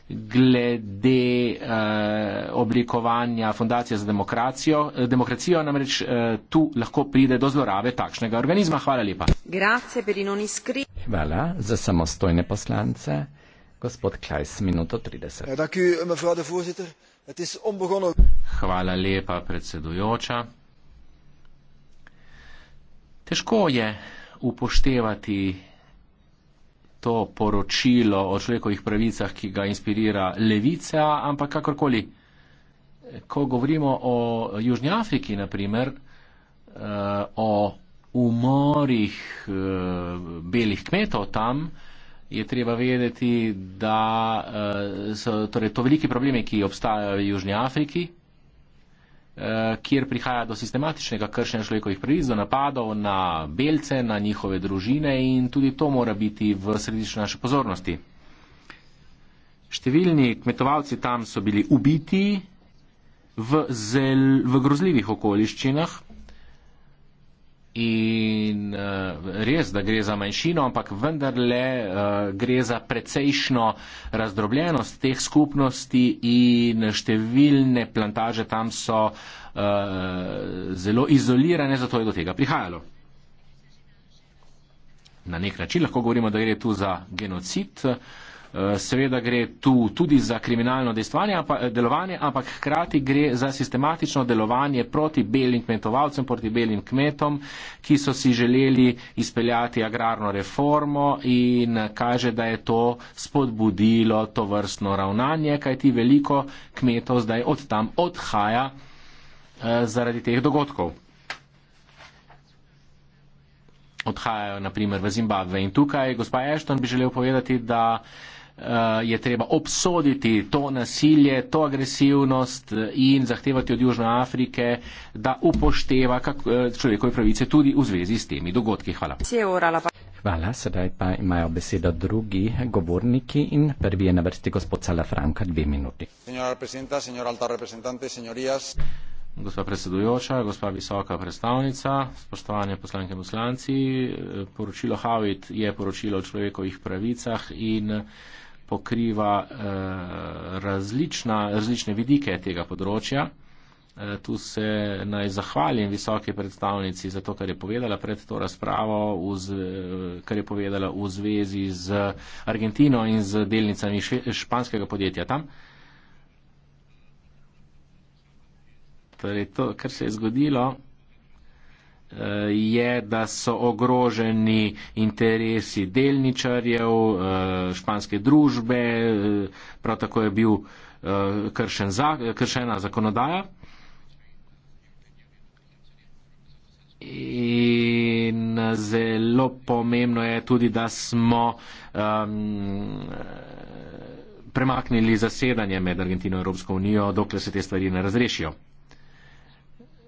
glede eh, oblikovanja Fundacije za demokracijo. Demokracijo namreč eh, tu lahko pride do zlorabe takšnega organizma. Hvala lepa. Hvala za samostojne poslance. Gospod Kleis, minuto 30. Ja, dank u, mevrouw de voorzitter. Het is onbegonnen. Hvala lepa, predsedujoča. Težko je upoštevati to poročilo o človekovih pravicah, ki ga inspirira levica, ampak kakorkoli, ko govorimo o Južnji Afriki, naprimer, eh, o umorih eh, belih kmetov tam, je treba vedeti, da uh, so torej, to veliki problemi, ki obstajajo v Južnji Afriki, uh, kjer prihaja do sistematičnega kršenja človekovih pravic, do napadov na belce, na njihove družine in tudi to mora biti v središču naše pozornosti. Številni kmetovalci tam so bili ubiti v, zel, v grozljivih okoliščinah, In eh, res, da gre za manjšino, ampak vendarle eh, gre za precejšno razdrobljenost teh skupnosti in številne plantaže tam so eh, zelo izolirane, zato je do tega prihajalo. Na nek način lahko govorimo, da gre tu za genocid. Eh, seveda gre tu tudi za kriminalno eh, delovanje, ampak hkrati gre za sistematično delovanje proti belim kmetovalcem, proti belim kmetom, ki so si želeli izpeljati agrarno reformo in kaže, da je to spodbudilo to vrstno ravnanje, kajti veliko kmetov zdaj od tam odhaja eh, zaradi teh dogodkov. Odhajajo naprimer v Zimbabve. In tukaj gospa Ešton bi želel povedati, da uh, Eh, je treba obsoditi to nasilje, to agresivnost eh, in zahtevati od Južne Afrike, da upošteva eh, človekove pravice tudi v zvezi s temi dogodki. Hvala. Hvala, sedaj pa imajo besedo drugi govorniki in prvi je na vrsti gospod Salafranka, dve minuti. Gospa predsedujoča, gospa visoka predstavnica, spoštovanje poslanke poslanci, poročilo Havit je poročilo o človekovih pravicah in pokriva eh, različna, različne vidike tega področja. Eh, tu se naj zahvalim visoki predstavnici za to, kar je povedala pred to razpravo, z, kar je povedala v zvezi z Argentino in z delnicami španskega podjetja tam. Torej, to, kar se je zgodilo, je, da so ogroženi interesi delničarjev, eh, španske družbe, eh, prav tako je bil eh, kršen za, kršena zakonodaja. In zelo pomembno je tudi, da smo um, premaknili zasedanje med Argentino in Evropsko unijo, dokler se te stvari ne razrešijo.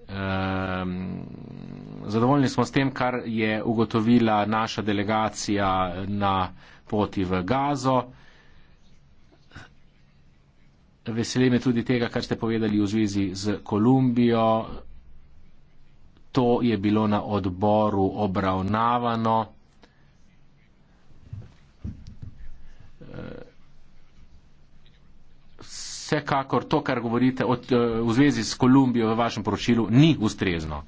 Um, zadovoljni smo s tem, kar je ugotovila naša delegacija na poti v Gazo. Veseli me tudi tega, kar ste povedali v zvezi z Kolumbijo. To je bilo na odboru obravnavano. Vsekakor to, kar govorite o, v zvezi s Kolumbijo v vašem poročilu, ni ustrezno.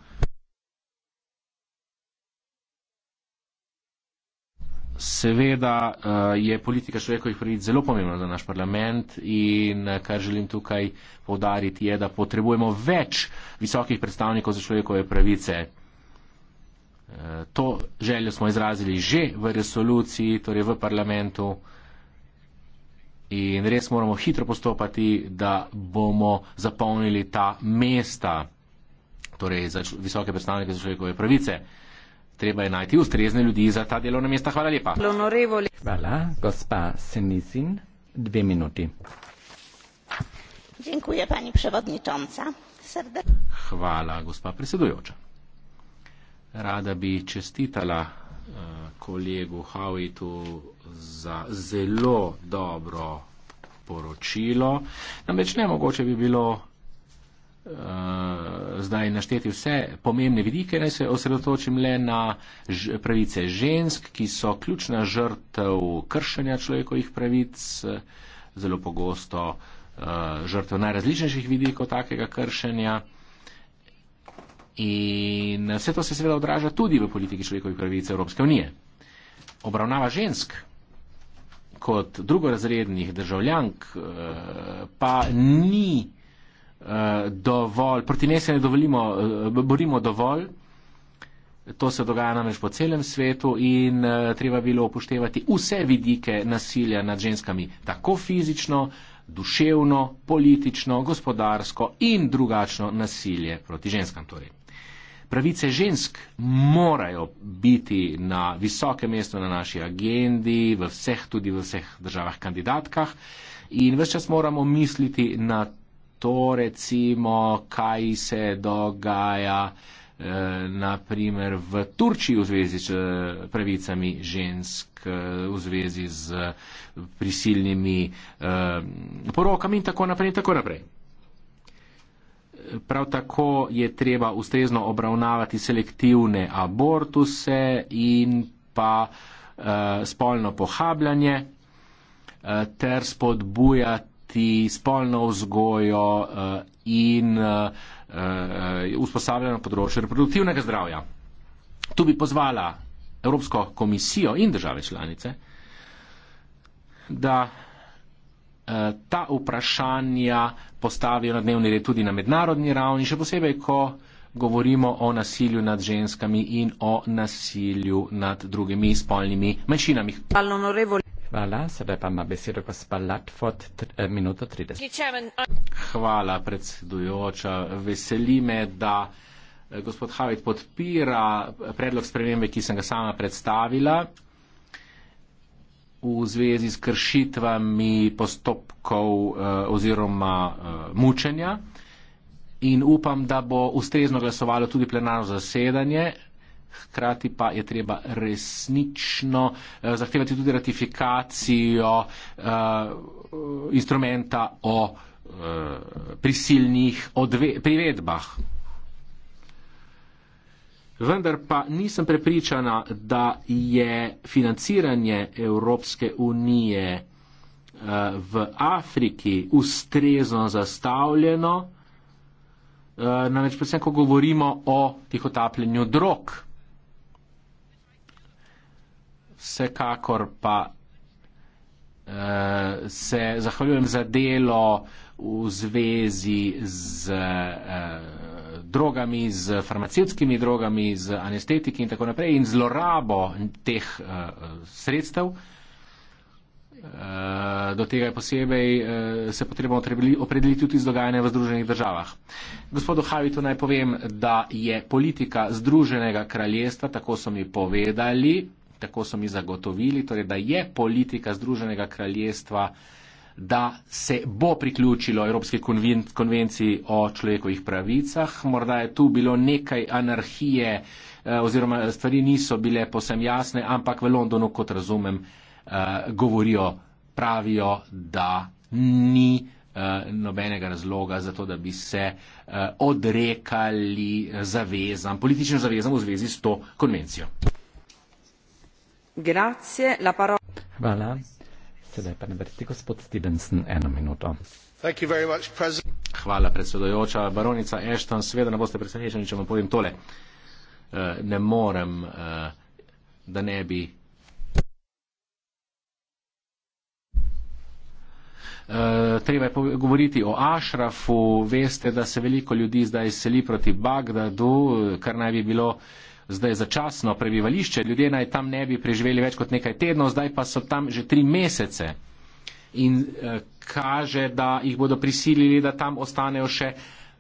Seveda eh, je politika človekovih pravic zelo pomembna za naš parlament in eh, kar želim tukaj povdariti je, da potrebujemo več visokih predstavnikov za človekove pravice. Eh, to željo smo izrazili že v resoluciji, torej v parlamentu in res moramo hitro postopati, da bomo zapolnili ta mesta, torej za visoke predstavnike za človekove pravice treba je najti ustrezne ljudi za ta delovna mesta. Hvala lepa. Hvala, gospa Senizin, dve minuti. Dziękuję pani przewodnicząca. Serde... Hvala, gospa predsedujoča. Rada bi čestitala eh, kolegu Hawitu za zelo dobro poročilo. Namreč ne mogoče bi bilo uh, zdaj našteti vse pomembne vidike, naj se osredotočim le na ž, pravice žensk, ki so ključna žrtev kršenja človekovih pravic, eh, zelo pogosto uh, žrtev najrazličnejših vidikov takega kršenja. In vse to se seveda odraža tudi v politiki človekovih pravic Evropske unije. Obravnava žensk kot drugorazrednih državljank pa ni Eh, dovolj, proti nje se ne dovolimo, eh, borimo dovolj. To se dogaja namreč po celem svetu in uh, treba bilo upoštevati vse vidike nasilja nad ženskami, tako fizično, duševno, politično, gospodarsko in drugačno nasilje proti ženskam. Torej. Pravice žensk morajo biti na visokem mestu na naši agendi, v vseh, tudi v vseh državah kandidatkah in vse čas moramo misliti na to, recimo, kaj se dogaja eh, naprimer v Turčiji v zvezi s eh, pravicami žensk, eh, v zvezi z prisilnimi porokami in tako naprej in tako naprej. Prav tako je treba ustrezno obravnavati selektivne abortuse in pa spolno pohabljanje ter spodbujati vajeti, spolno vzgojo eh, in eh, eh, usposabljanje področja reproduktivnega zdravja. Tu bi pozvala Evropsko komisijo in države članice, da ta vprašanja postavijo na dnevni red tudi na mednarodni ravni, še posebej, ko govorimo o nasilju nad ženskami in o nasilju nad drugimi spolnimi manjšinami. Hvala, sedaj pa ima besedo gospa Latfot, eh, minuto 30. Hvala, predsedujoča. Veseli me, da eh, gospod Havit podpira eh, predlog spremembe, ki sem ga sama predstavila v zvezi s kršitvami postopkov oziroma mučenja. In upam, da bo ustrezno glasovalo tudi plenarno zasedanje, hkrati pa je treba resnično eh, zahtevati tudi ratifikacijo eh, instrumenta o eh, prisilnih privedbah. Vendar pa nisem prepričana, da je financiranje Evropske unije v Afriki ustrezno zastavljeno, namreč predvsem, ko govorimo o tihotapljenju drog vsekakor pa uh, se zahvaljujem za delo v zvezi z uh, drogami, z farmacevskimi drogami, z anestetiki in tako naprej in zlorabo teh uh, sredstev. Do tega je posebej se potrebno opredeliti tudi z dogajanjem v Združenih državah. Gospodu Havitu naj povem, da je politika Združenega kraljestva, tako so mi povedali, tako so mi zagotovili, torej, da je politika Združenega kraljestva, da se bo priključilo Evropski konvenciji o človekovih pravicah. Morda je tu bilo nekaj anarhije eh, oziroma stvari niso bile posem jasne, ampak v Londonu, kot razumem, eh, govorijo, pravijo, da ni eh, nobenega razloga za to, da bi se odrekali zavezam, političnim zavezam v zvezi s to konvencijo baronica ashton seveda ne boste presenečeni če vam povem tole eh, ne morem eh, da ne bi eh, treba je govoriti o ašrafu veste da se veliko ljudi zdaj seli proti bagdadu kar naj bi bilo zdaj začasno prebivališče, ljudje naj tam ne bi preživeli več kot nekaj tednov, zdaj pa so tam že tri mesece in eh, kaže, da jih bodo prisilili, da tam ostanejo še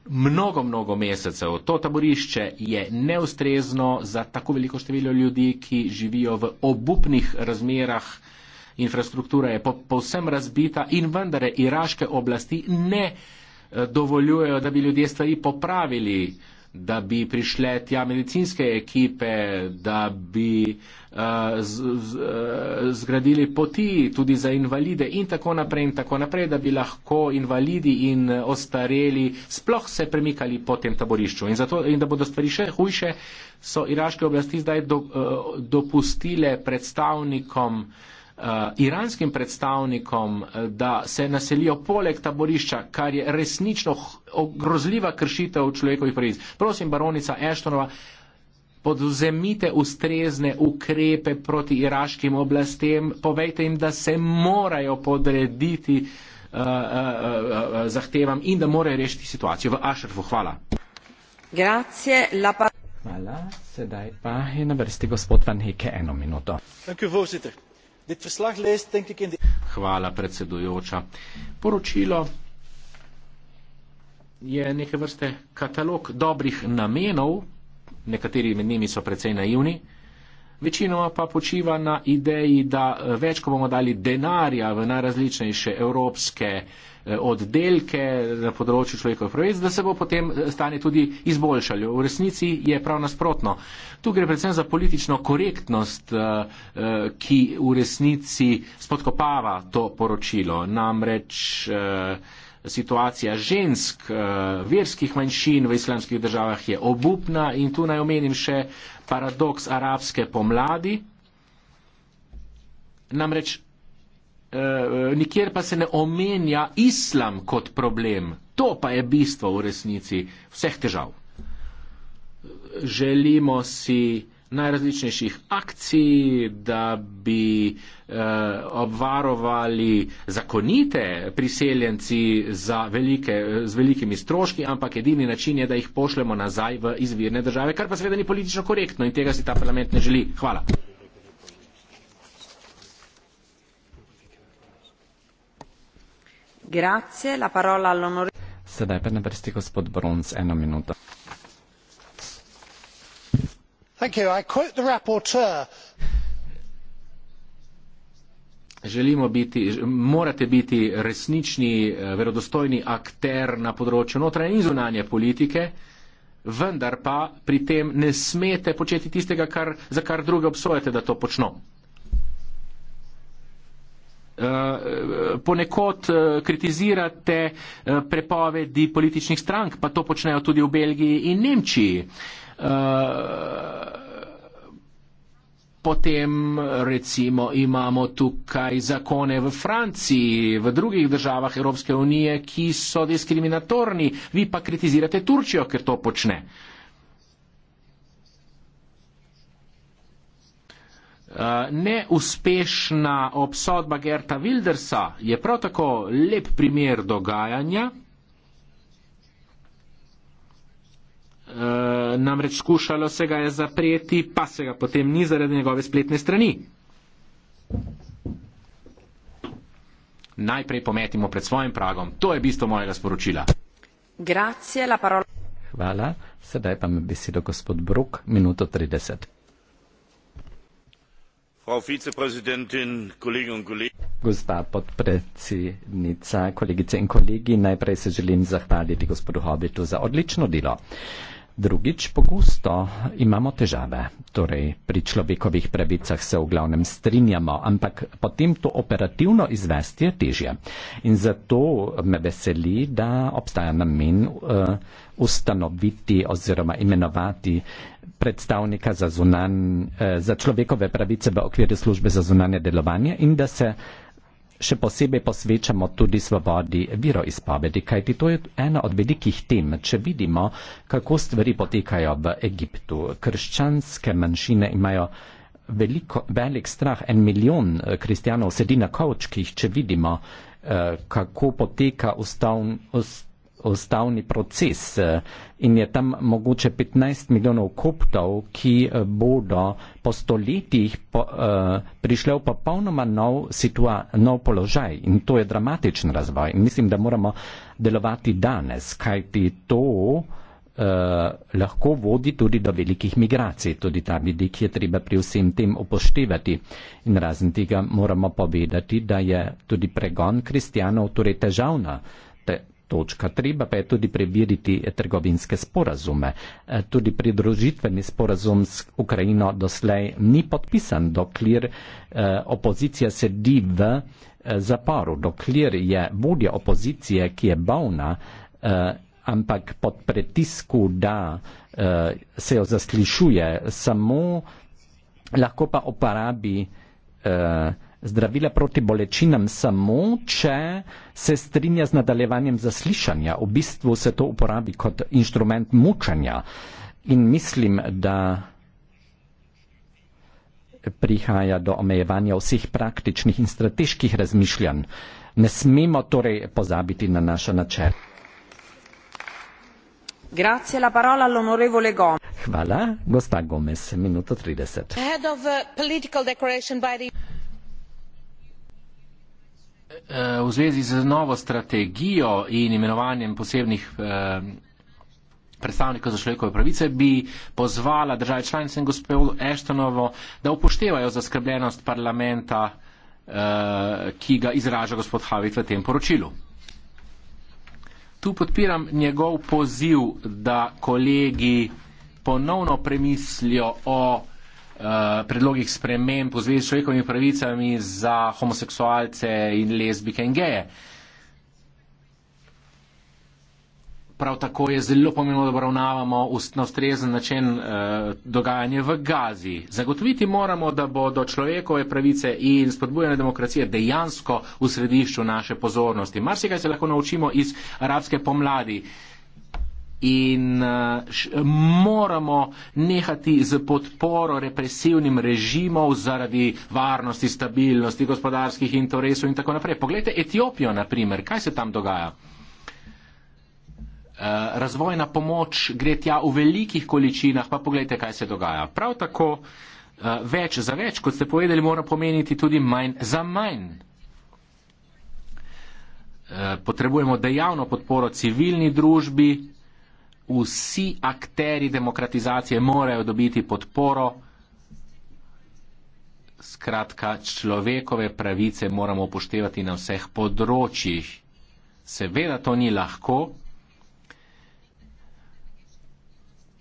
mnogo, mnogo mesecev. To taborišče je neustrezno za tako veliko število ljudi, ki živijo v obupnih razmerah. Infrastruktura je povsem razbita in vendar iraške oblasti ne eh, dovoljujejo, da bi ljudje stvari popravili da bi prišle tja medicinske ekipe, da bi uh, z, z, eh, zgradili poti tudi za invalide in tako naprej in tako naprej, da bi lahko invalidi in eh, ostareli sploh se premikali po tem taborišču. In, zato, in da bodo stvari še hujše, so iraške oblasti zdaj do, uh, dopustile predstavnikom uh, Eh, iranskim predstavnikom, eh, da se naselijo poleg taborišča, kar je resnično grozljiva kršitev človekovih pravic. Prosim, baronica Eštonova, podzemite ustrezne ukrepe proti iraškim oblastem, povejte jim, da se morajo podrediti uh, uh, uh, uh, zahtevam in da morajo rešiti situacijo. V Ašrfu, hvala. Grazie, Hvala. Sedaj pa je na vrsti gospod Van Heke eno minuto. Thank you, dit verslag leest, denk ik in de. Hvala, predsedujoča. Poročilo je neke vrste katalog dobrih namenov, nekateri med njimi so precej naivni, večinoma pa počiva na ideji, da več, ko bomo dali denarja v najrazličnejše evropske eh, Eh, oddelke na področju človekovih pravic, da se bo potem eh, stanje tudi izboljšalo. V resnici je prav nasprotno. Tu gre predvsem za politično korektnost, eh, ki v resnici spodkopava to poročilo. Namreč situacija žensk, verskih manjšin v islamskih državah je obupna in tu naj omenim še paradoks arabske pomladi. Namreč Eh, nikjer pa se ne omenja islam kot problem. To pa je bistvo v resnici vseh težav. Želimo si najrazličnejših akcij, da bi eh, obvarovali zakonite priseljenci za velike, z velikimi stroški, ampak edini način je, da jih pošljemo nazaj v izvirne države, kar pa seveda ni politično korektno in tega si ta parlament ne želi. Hvala. Sedaj pa na vrsti gospod Brons z eno minuto. Želimo biti, morate biti resnični, eh, verodostojni akter na področju notranje in zunanje politike, vendar pa pri tem ne smete početi tistega, kar, za kar druge obsojate, da to počnemo. Eh, ponekod eh, kritizirate eh, prepovedi političnih strank, pa to počnejo tudi v Belgiji in Nemčiji. Potem recimo imamo tukaj zakone v Franciji, v drugih državah Evropske unije, ki so diskriminatorni, vi pa kritizirate Turčijo, ker to počne. Uh, Eh, neuspešna obsodba Gerta Wildersa je prav tako lep primer dogajanja. E, namreč skušalo se ga je zapreti, pa se ga potem ni zaradi njegove spletne strani. Najprej pometimo pred svojim pragom. To je bistvo mojega sporočila. Grazie, Hvala. Sedaj pa mi besedo gospod Bruk, minuto 30 gospa podpredsednica kolegice in kolegi najprej se želim zahvaliti gospodu hobbitu za odlično delo. Drugič, pogosto imamo težave. Torej, pri človekovih pravicah se v glavnem strinjamo, ampak potem to operativno izvesti je težje. In zato me veseli, da obstaja namen uh, ustanoviti oziroma imenovati predstavnika za, zunan, uh, eh, za človekove pravice v okviru službe za zunanje delovanje in da se še posebej posvečamo tudi svobodi veroizpovedi, kajti to je ena od velikih tem. Če vidimo, kako stvari potekajo v Egiptu, krščanske manjšine imajo veliko, velik strah, en milijon eh, kristijanov sedi na kočkih, če vidimo, eh, kako poteka ustavnost ustavni proces eh, in je tam mogoče 15 milijonov koptov, ki eh, bodo po stoletjih po, uh, prišle v popolnoma nov, situa, nov položaj in to je dramatičen razvoj. In mislim, da moramo delovati danes, kajti to uh, lahko vodi tudi do velikih migracij, tudi ta vidik je treba pri vsem tem upoštevati. In razen tega moramo povedati, da je tudi pregon kristjanov torej težavna točka. Treba pa je tudi preveriti eh, trgovinske sporazume. Eh, tudi pridružitveni sporazum s Ukrajino doslej ni podpisan, dokler eh, opozicija sedi v zaporu, dokler je vodja opozicije, ki je bolna, ampak pod pretisku, da se jo zaslišuje, samo lahko pa uporabi zdravila proti bolečinam samo, če se strinja z nadaljevanjem zaslišanja. V bistvu se to uporabi kot inštrument mučanja. In mislim, da prihaja do omejevanja vseh praktičnih in strateških razmišljanj. Ne smemo torej pozabiti na naša načela. Hvala, gospa Gomez, minuto 30. Eh, v zvezi z novo strategijo in imenovanjem posebnih eh, predstavnikov za človekove pravice bi pozvala države članice in gospod Eštonovo, da upoštevajo zaskrbljenost parlamenta, eh, ki ga izraža gospod Havit v tem poročilu. Tu podpiram njegov poziv, da kolegi ponovno premislijo o Eh, predlogih sprememb v zvezi s človekovimi pravicami za homoseksualce in lezbike in geje. Prav tako je zelo pomembno, da obravnavamo na ustrezen način eh, dogajanje v Gazi. Zagotoviti moramo, da bodo človekove pravice in spodbujanje demokracije dejansko v središču naše pozornosti. Marsikaj se lahko naučimo iz arabske pomladi in uh, moramo nehati z podporo represivnim režimov zaradi varnosti, stabilnosti, gospodarskih interesov in tako naprej. Poglejte Etiopijo, na primer, kaj se tam dogaja. Eh, razvojna pomoč gre tja v velikih količinah, pa pogledajte, kaj se dogaja. Prav tako eh, več za več, kot ste povedali, mora pomeniti tudi manj za manj. Potrebujemo dejavno podporo civilni družbi, vsi akteri demokratizacije morajo dobiti podporo. Skratka, človekove pravice moramo upoštevati na vseh področjih. Seveda to ni lahko.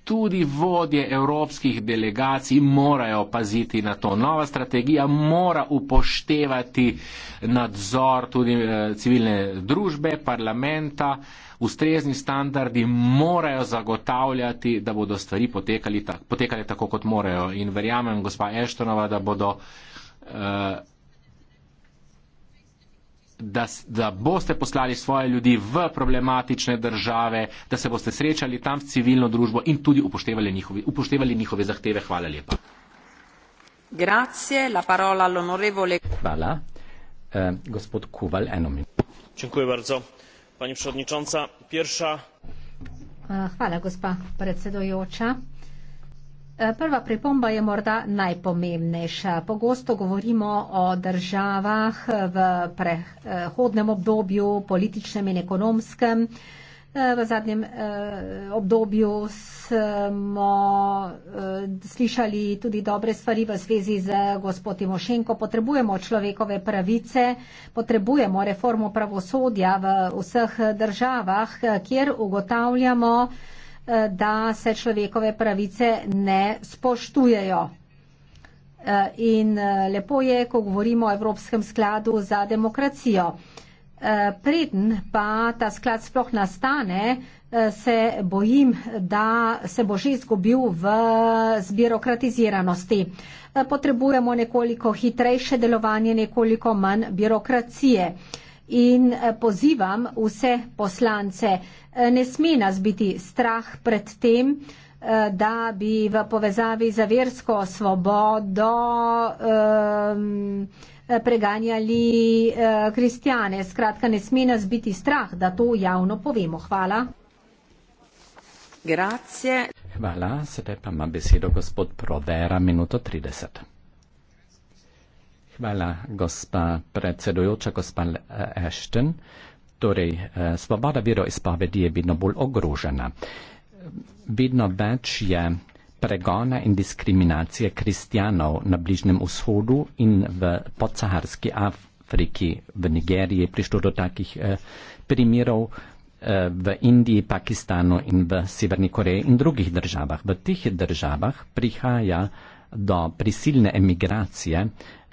Tudi vodje evropskih delegacij morajo paziti na to. Nova strategija mora upoštevati nadzor tudi eh, civilne družbe, parlamenta, ustrezni standardi morajo zagotavljati, da bodo stvari potekali tak, potekali tako, kot morajo. In verjamem, gospa Eštonova, da bodo. Uh, Da, da boste poslali svoje ljudi v problematične države, da se boste srečali tam s civilno družbo in tudi upoštevali njihove, upoštevali njihove zahteve. Hvala lepa. Grazie, la parola all'onorevole. Hvala. Eh, gospod Kuval, eno minuto pani przewodnicząca! pierwsza Hvala, gospa predsedujoča. E, prva pripomba je morda najpomembnejša. Pogosto govorimo o državah v prehodnem obdobju, političnem in ekonomskem. Eh, v zadnjem eh, obdobju smo eh, slišali tudi dobre stvari v zvezi z gospod Timošenko. Potrebujemo človekove pravice, potrebujemo reformo pravosodja v vseh državah, kjer ugotavljamo, da se človekove pravice ne spoštujejo. In lepo je, ko govorimo o Evropskem skladu za demokracijo. Eh, preden pa ta sklad sploh nastane, eh, se bojim, da se bo že izgubil v zbirokratiziranosti. Eh, potrebujemo nekoliko hitrejše delovanje, nekoliko manj birokracije. In pozivam vse poslance, ne sme nas biti strah pred tem, da bi v povezavi za versko svobodo. Um, preganjali eh, kristjane. Skratka, ne sme nas biti strah, da to javno povemo. Hvala. Grazie. Hvala, sedaj pa ima besedo gospod Provera, minuto 30. Hvala, gospa predsedujoča, gospa eh, Ashton. Torej, eh, svoboda veroizpovedi je vedno bolj ogrožena. Vedno več je pregona in diskriminacije kristjanov na Bližnjem vzhodu in v podsaharski Afriki, v Nigeriji prišlo do takih eh, primerov, eh, v Indiji, Pakistanu in v Severni Koreji in drugih državah. V teh državah prihaja do prisilne emigracije,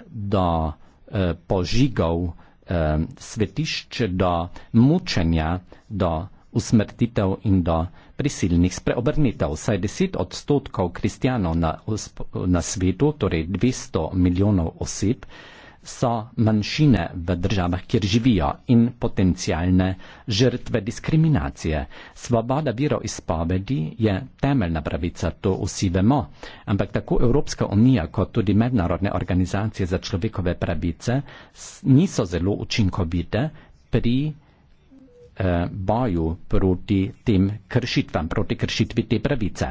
do eh, požigov svetišč, do mučenja, do usmrtitev in do prisilnih spreobrnitev. Saj 10 odstotkov kristijanov na, na svetu, torej 200 milijonov oseb, so manjšine v državah, kjer živijo in potencijalne žrtve diskriminacije. Svoboda veroizpovedi je temeljna pravica, to vsi vemo, ampak tako Evropska unija kot tudi mednarodne organizacije za človekove pravice niso zelo učinkovite pri eh, boju proti tem kršitvam, proti kršitvi te pravice.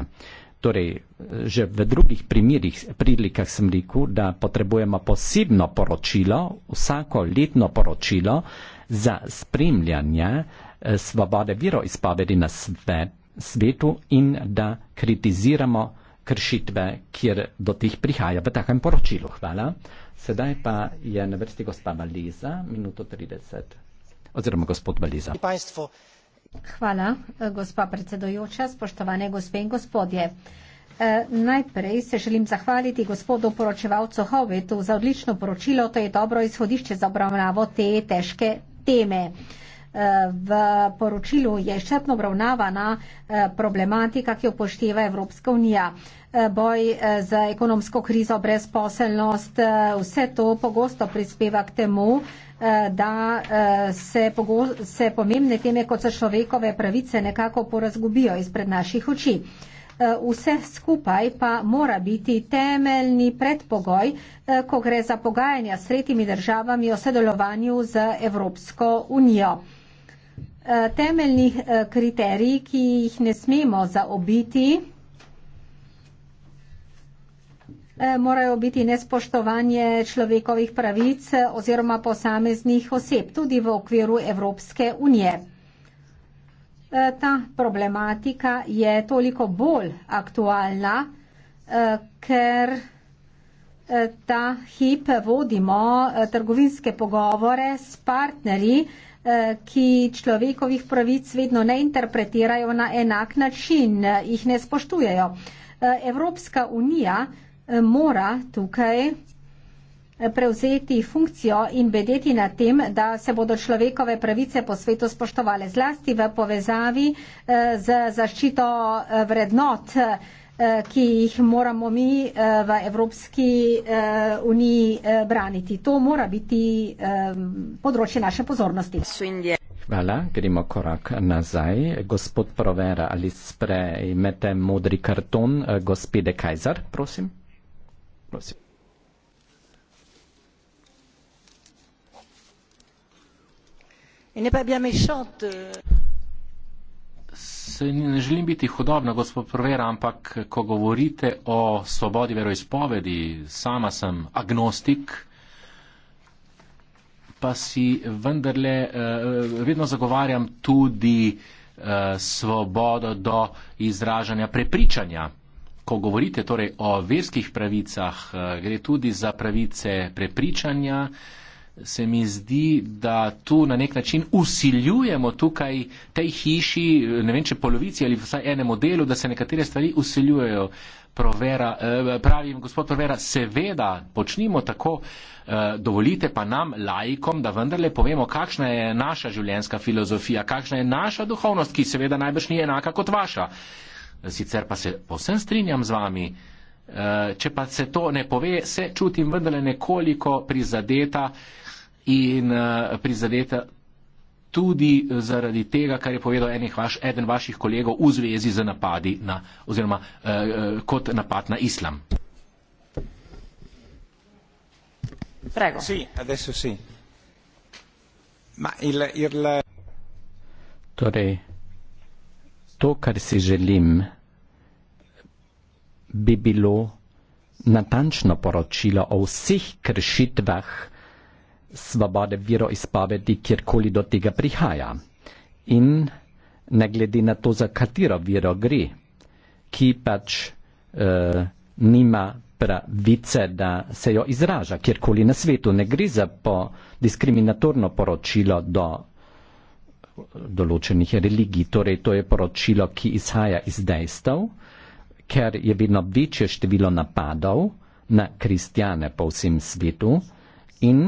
Torej, eh, že v drugih primerih, prilikah sem rekel, da potrebujemo posebno poročilo, vsako letno poročilo za spremljanje eh, svobode veroizpovedi na sve, svetu in da kritiziramo kršitve, kjer do teh prihaja v takem poročilu. Hvala. Sedaj pa je na vrsti gospa Maliza, minuto 30 oziroma gospod Beliza. Hvala, eh, gospa predsedojoča, spoštovane gospe in gospodje. E, najprej se želim zahvaliti gospodu poročevalcu Hovetu za odlično poročilo, to je dobro izhodišče za obravnavo te težke teme. Eh, v poročilu je ščetno obravnavana problematika, ki jo pošteva Evropska unija. Boj za ekonomsko krizo, brezposelnost, vse to pogosto prispeva k temu, Eh, da eh, se, pogo, se pomembne teme, kot so človekove pravice, nekako porazgubijo izpred naših oči. Eh, vse skupaj pa mora biti temeljni predpogoj, ko gre za pogajanja s tretjimi državami o sodelovanju z Evropsko unijo. Temeljnih kriterij, ki jih ne smemo zaobiti, Eh, morajo biti nespoštovanje človekovih pravic eh, oziroma posameznih oseb tudi v okviru Evropske unije. Eh, ta problematika je toliko bolj aktualna, ker ta hip vodimo trgovinske pogovore s partnerji, ki človekovih pravic vedno ne interpretirajo na enak način, jih ne spoštujejo. Evropska unija mora tukaj eh, prevzeti funkcijo in bedeti na tem, da se bodo človekove pravice po svetu spoštovale zlasti v povezavi eh, z zaščito eh, vrednot, ki jih moramo mi v Evropski uniji braniti. To mora biti področje naše pozornosti. Hvala, gremo korak nazaj. Gospod Provera, ali sprejmete modri karton, gospede Kajzer, prosim? Prosim. Euh. Se ne želim biti hudobna, gospod Provera, ampak ko govorite o svobodi veroizpovedi, sama sem agnostik, pa si vendarle eh, eh, vedno zagovarjam tudi eh, svobodo do izražanja prepričanja. Ko govorite torej o verskih pravicah, eh, gre tudi za pravice prepričanja, se mi zdi, da tu na nek način usiljujemo tukaj tej hiši, ne vem, če polovici ali vsaj enemu delu, da se nekatere stvari usiljujejo. Provera, eh, pravim, gospod Provera, seveda, počnimo tako, eh, dovolite pa nam, laikom, da vendarle povemo, kakšna je naša življenjska filozofija, kakšna je naša duhovnost, ki seveda najbrž ni enaka kot vaša sicer pa se posem strinjam z vami, eh, če pa se to ne pove, se čutim vendarle nekoliko prizadeta in eh, prizadeta tudi zaradi tega, kar je povedal vaš, eden vaših kolegov v zvezi z napadi na, oziroma eh, kot napad na islam. Prego. Sì, adesso sì. Ma il, il... Torej, to, kar si želim, bi bilo natančno poročilo o vseh kršitvah svobode veroizpovedi, kjerkoli do tega prihaja. In ne glede na to, za katero vero gre, ki pač uh, nima pravice, da se jo izraža, kjerkoli na svetu ne gre za po diskriminatorno poročilo do določenih religij. Torej, to je poročilo, ki izhaja iz dejstev, ker je vedno večje število napadov na kristjane po vsem svetu in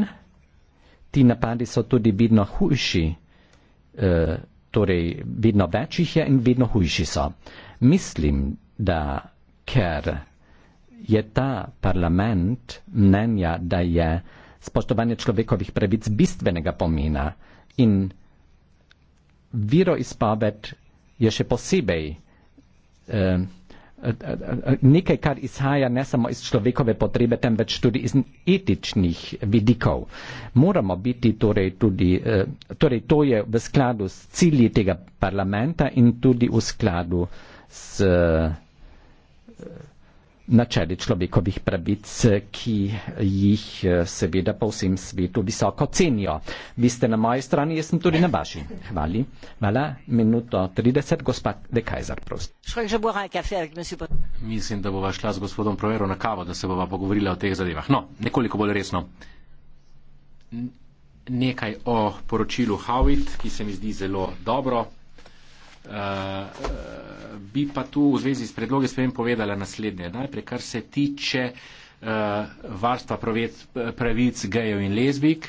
ti napadi so tudi vedno hujši, e, torej vedno več jih je in vedno hujši so. Mislim, da ker je ta parlament mnenja, da je spoštovanje človekovih pravic bistvenega pomena in viro izpoved je še posebej nekaj, kar izhaja ne samo iz človekove potrebe, temveč tudi iz etičnih vidikov. Moramo biti torej tudi, e, torej to je v skladu s cilji tega parlamenta in tudi v skladu s načeli človekovih pravic, ki jih eh, seveda po vsem svetu visoko cenijo. Vi ste na moji strani, jaz sem tudi na vaši. Hvali. Hvala. Minuto 30, gospod Dekajzer, prosim. Mislim, da bova šla z gospodom Provero na kavo, da se bova pogovorila o teh zadevah. No, nekoliko bolj resno. Nekaj o poročilu Howitt, ki se mi zdi zelo dobro. Uh, bi pa tu v zvezi s predlogi spremem povedala naslednje. Najprej, kar se tiče uh, varstva praved, pravic gejev in lezbik,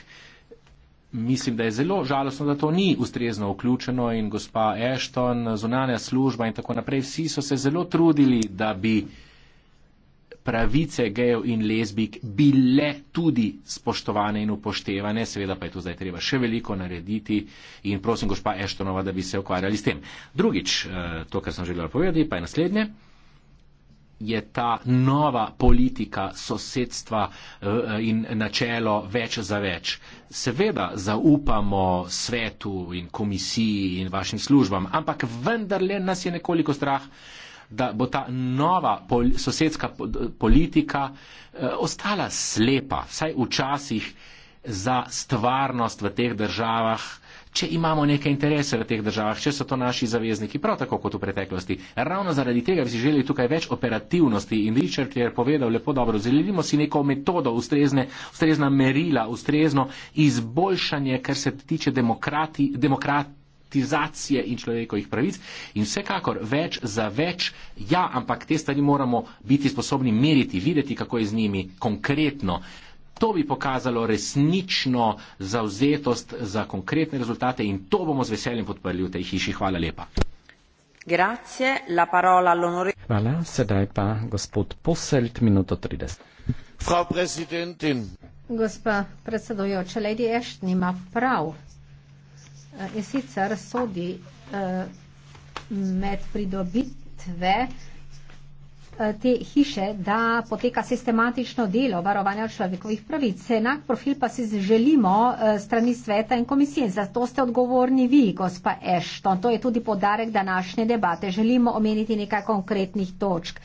mislim, da je zelo žalostno, da to ni ustrezno vključeno in gospa Ashton, zunanja služba in tako naprej, vsi so se zelo trudili, da bi uh, pravice gejev in lezbik bile tudi spoštovane in upoštevane, seveda pa je tu zdaj treba še veliko narediti in prosim gospa Eštonova, da bi se ukvarjali s tem. Drugič, eh, to, kar sem želela povedati, pa je naslednje je ta nova politika sosedstva eh, in načelo več za več. Seveda zaupamo svetu in komisiji in vašim službam, ampak vendarle nas je nekoliko strah, da bo ta nova pol, sosedska politika eh, ostala slepa, vsaj včasih, za stvarnost v teh državah, če imamo neke interese v teh državah, če so to naši zavezniki, prav tako kot v preteklosti. Ravno zaradi tega bi si želeli tukaj več operativnosti in Richard je povedal lepo dobro, želimo si neko metodo, ustrezne, ustrezna merila, ustrezno izboljšanje, kar se tiče demokrati, demokrati demokratizacije in človekovih pravic in vsekakor več za več, ja, ampak te stvari moramo biti sposobni meriti, videti, kako je z njimi konkretno. To bi pokazalo resnično zauzetost za konkretne rezultate in to bomo z veseljem podprli v tej hiši. Hvala lepa. Grazie, la parola all'onore. Hvala, sedaj pa gospod Poselt, minuto 30. Frau Präsidentin. Gospa predsedujoča, Lady Ashton ima prav, Eh, in sicer sodi eh, med pridobitve eh, te hiše, da poteka sistematično delo varovanja človekovih pravic. Enak profil pa si želimo strani sveta in komisije. Zato ste odgovorni vi, gospa Ešton. To je tudi podarek današnje debate. Želimo omeniti nekaj konkretnih točk.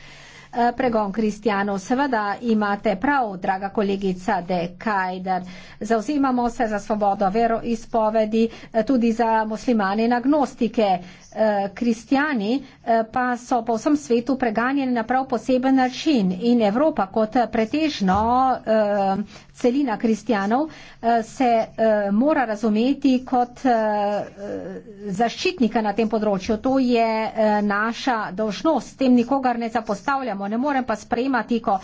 Eh, pregon kristijanov. Seveda imate prav, draga kolegica De Kajder. Zauzimamo se za svobodo veroizpovedi, eh, tudi za muslimane in agnostike. Eh, kristijani eh, pa so po vsem svetu preganjeni na prav poseben način in Evropa kot pretežno eh, celina kristijanov se mora razumeti kot zaščitnika na tem področju. To je naša dožnost, s tem nikogar ne zapostavljamo. Ne morem pa sprejemati, ko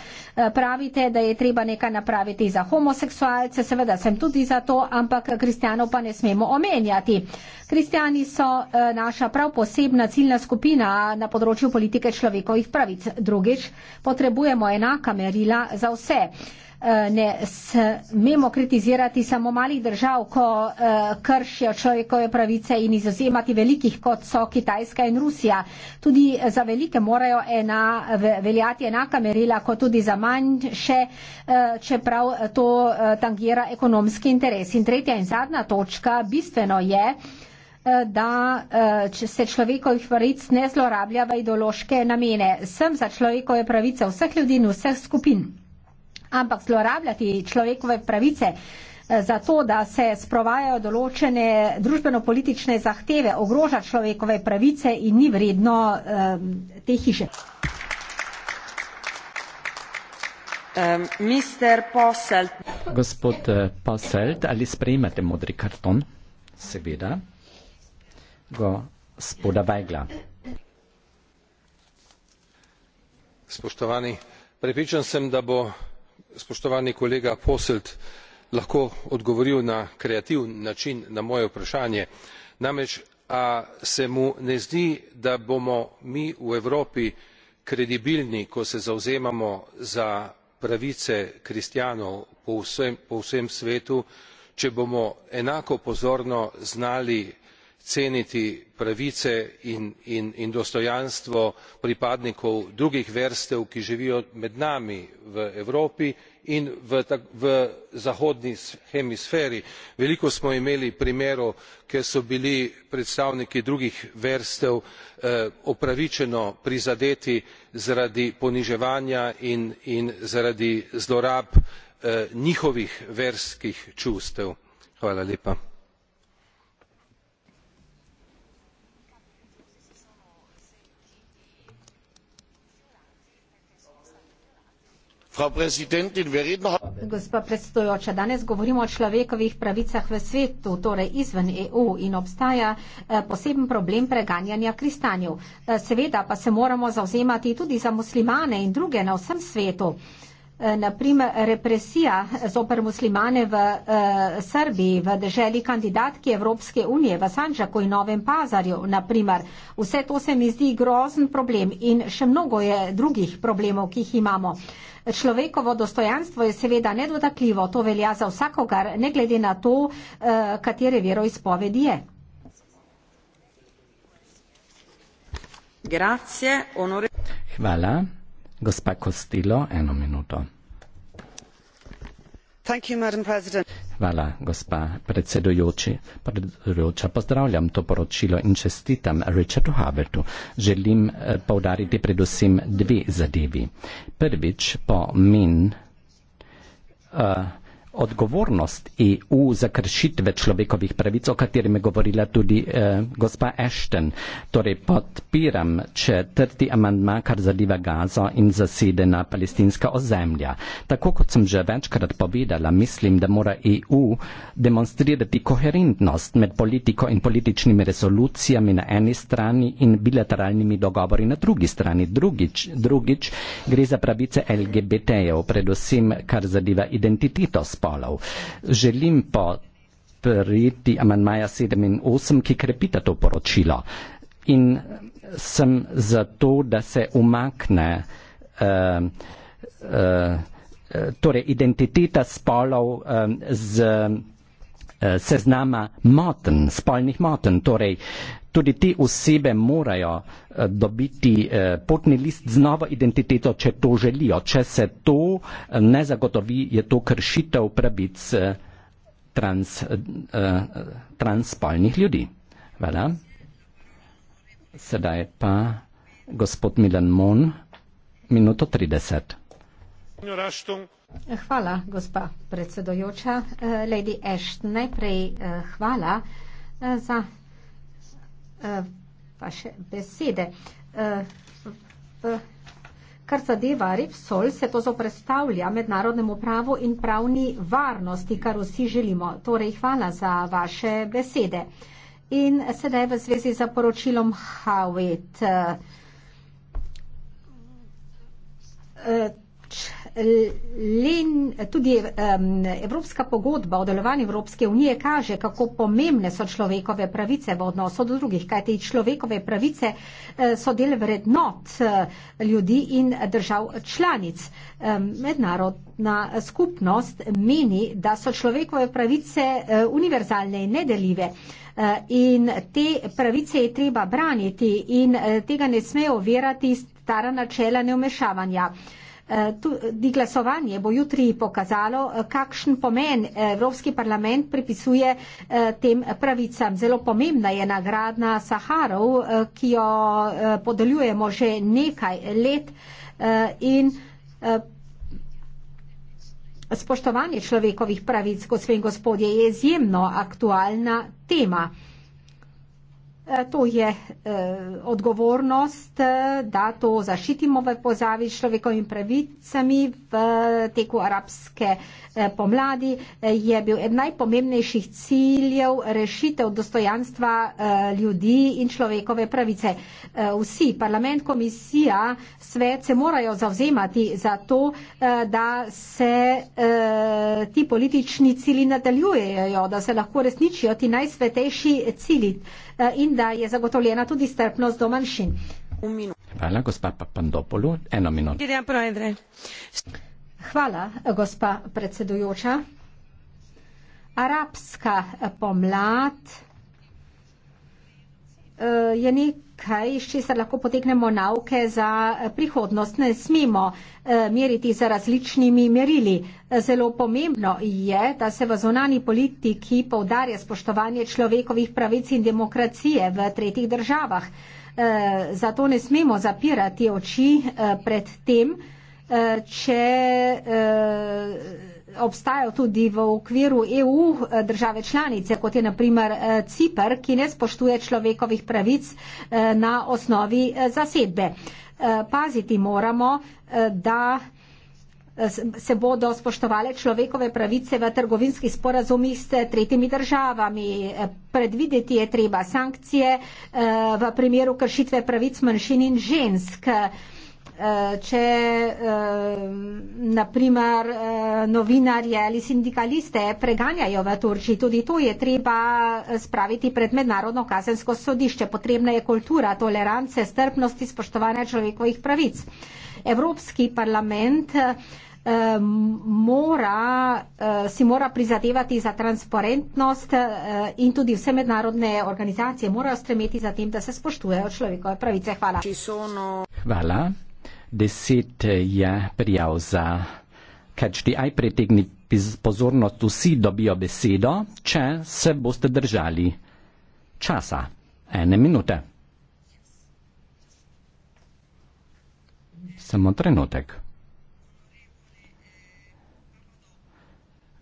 pravite, da je treba nekaj napraviti za homoseksualce, seveda sem tudi za to, ampak kristijanov pa ne smemo omenjati. Kristijani so naša prava prav posebna ciljna skupina na področju politike človekovih pravic. Drugič, potrebujemo enaka merila za vse. E, ne smemo kritizirati samo malih držav, ko e, kršijo človekove pravice in izuzemati velikih, kot so Kitajska in Rusija. Tudi za velike morajo ena, veljati enaka merila, kot tudi za manjše, e, čeprav to tangira ekonomski interes. In tretja in zadnja točka, bistveno je, Eh, da eh, se človekovih pravic ne zlorablja v ideološke namene. Sem za človekove pravice vseh ljudi in vseh skupin. Ampak zlorabljati človekove pravice eh, za to, da se sprovajajo določene družbeno-politične zahteve, ogroža človekove pravice in ni vredno um, te hiše. Um, Poselt. Gospod Poselt, ali sprejmete modri karton? Seveda prepričan sem da bo spoštovani kolega posselt lahko odgovoril na kreativen način na moje vprašanje namreč a se mu ne zdi da bomo mi v evropi kredibilni ko se zavzemamo za pravice kristjanov po vsem svetu če bomo enako pozorno znali ceniti pravice in dostojanstvo pripadnikov drugih verstev ki živijo med nami v evropi in v zahodni hemisferi. veliko smo imeli primerov kjer so bili predstavniki drugih verstev upravičeno eh, prizadeti zaradi poniževanja in zaradi zlorab eh, njihovih verskih čustev. Gospa predstojoča, danes govorimo o človekovih pravicah v svetu, torej izven EU in obstaja eh, poseben problem preganjanja kristanjev. Eh, seveda pa se moramo zauzemati tudi za muslimane in druge na vsem svetu. Eh, naprimer represija zoper muslimane v eh, Srbiji, v državi kandidatki Evropske unije, v Sanžaku in Novem Pazarju, naprimer. Vse to se mi zdi grozen problem in še mnogo je drugih problemov, ki jih imamo. Človekovo dostojanstvo je seveda nedotakljivo, to velja za vsakogar, ne glede na to, eh, katere veroizpovedi je. Grazie, onore... Hvala gospa costello eno minuto Thank you, Madam President. Hvala, gospa predsedujoča. Pozdravljam to poročilo in čestitam Richardu Havertu. Želim eh, povdariti predvsem dve zadevi. Prvič, po min uh, eh, odgovornost EU za kršitve človekovih pravic, o katerem je govorila tudi eh, gospa Ashton. Torej podpiram četrti amandma, kar zadeva Gazo in zasedena palestinska ozemlja. Tako kot sem že večkrat povedala, mislim, da mora EU demonstrirati koherentnost med politiko in političnimi resolucijami na eni strani in bilateralnimi dogovori na drugi strani. Drugič, drugič gre za pravice LGBT-jev, predvsem kar zadeva identitetost spolov. Želim podpreti amantmaja 7 in 8, ki krepita to poročilo. In sem zato, da se umakne uh, uh, torej identiteta spolov um, z seznama moten, spolnih moten, torej uh, tudi te osebe morajo eh, dobiti eh, potni list z novo identiteto, če to želijo. Če se to eh, ne zagotovi, je to kršitev pravic trans, transpolnih ljudi. Vela. Sedaj pa gospod Milan Mon, minuto 30. Hvala, gospa predsedojoča. Lady Ashton, najprej hvala za Eh, vaše besede. Eh, kar zadeva Repsol, se to zoprestavlja mednarodnemu pravu in pravni varnosti, kar vsi želimo. Torej, hvala za vaše besede. In sedaj v zvezi z poročilom Howitt. Eh, pač len, tudi um, Evropska pogodba o delovanju Evropske unije kaže, kako pomembne so človekove pravice v odnosu do drugih, kajte človekove pravice uh, so del vrednot uh, ljudi in držav članic. Um, mednarodna eh, skupnost meni, da so človekove pravice uh, univerzalne in nedeljive. In te pravice je treba braniti in tega ne smejo verati stara načela neumešavanja. Uh, Eh, tu, di glasovanje bo jutri pokazalo, eh, kakšen pomen eh, Evropski parlament pripisuje tem pravicam. Zelo pomembna je nagradna Saharov, ki jo podeljujemo že nekaj let in spoštovanje človekovih pravic, gospe in gospodje, je izjemno aktualna tema. E, to je eh, odgovornost, e, da to zaščitimo v pozavi s človekovimi pravicami v teku arabske eh, pomladi. Eh, je bil eden najpomembnejših ciljev rešitev dostojanstva eh, ljudi in človekove pravice. Eh, vsi, parlament, komisija, svet se morajo zavzemati za to, eh, da se eh, ti politični cili nadaljujejo, da se lahko resničijo ti najsvetejši cili. Eh, in in da je zagotovljena tudi strpnost do manjšin. Hvala, gospa Papandopolu. Eno minuto. Hvala, gospa predsedujoča. Arabska pomlad. Eh, je nekaj, iz česar lahko poteknemo nauke za eh, prihodnost. Ne smemo eh, meriti z različnimi merili. Zelo pomembno je, da se v zonani politiki povdarja spoštovanje človekovih pravic in demokracije v tretjih državah. Zato ne smemo zapirati oči pred tem, če obstajajo tudi v okviru EU eh, države članice, kot je naprimer eh, Cipr, ki ne spoštuje človekovih pravic eh, na osnovi zasedbe. Paziti moramo, da se bodo spoštovale človekove pravice v trgovinskih sporazumih s tretjimi državami. Predvideti je treba sankcije v primeru kršitve pravic manjšin in žensk. Eh, če eh, naprimer eh, novinarje ali sindikaliste preganjajo v Turčiji, tudi to je treba spraviti pred mednarodno kazensko sodišče. Potrebna je kultura, tolerance, strpnosti, spoštovanja človekovih pravic. Evropski parlament mora, si mora prizadevati za transparentnost in tudi vse mednarodne organizacije morajo stremeti za tem, da se spoštujejo človekove pravice. Hvala. Hvala deset eh, je prijav za Catch the Eye, pritegni pozornost, vsi dobijo besedo, če se boste držali časa, ene minute. Samo trenutek.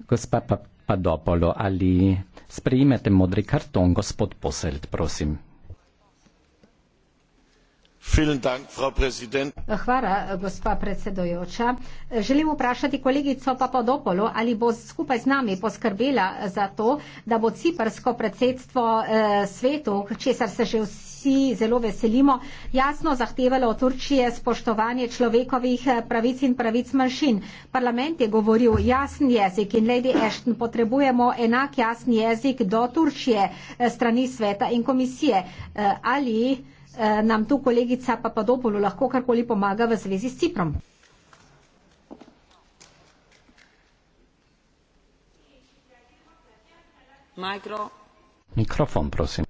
Gospa Padopolo, ali sprejmete modri karton, gospod Poselt, prosim. Hvala, gospa predsedojoča. Želim vprašati kolegico Papadopolo, ali bo skupaj z nami poskrbela za to, da bo ciprsko predsedstvo eh, svetu, česar se že vsi zelo veselimo, jasno zahtevalo od Turčije spoštovanje človekovih eh, pravic in pravic manjšin. Parlament je govoril jasen jezik in Lady Ashton potrebujemo enak jasen jezik do Turčije eh, strani sveta in komisije. Ali Eh, nam tu kolegica Papadopolu lahko karkoli pomaga v zvezi s Ciprom. Mikro. Mikrofon, prosim.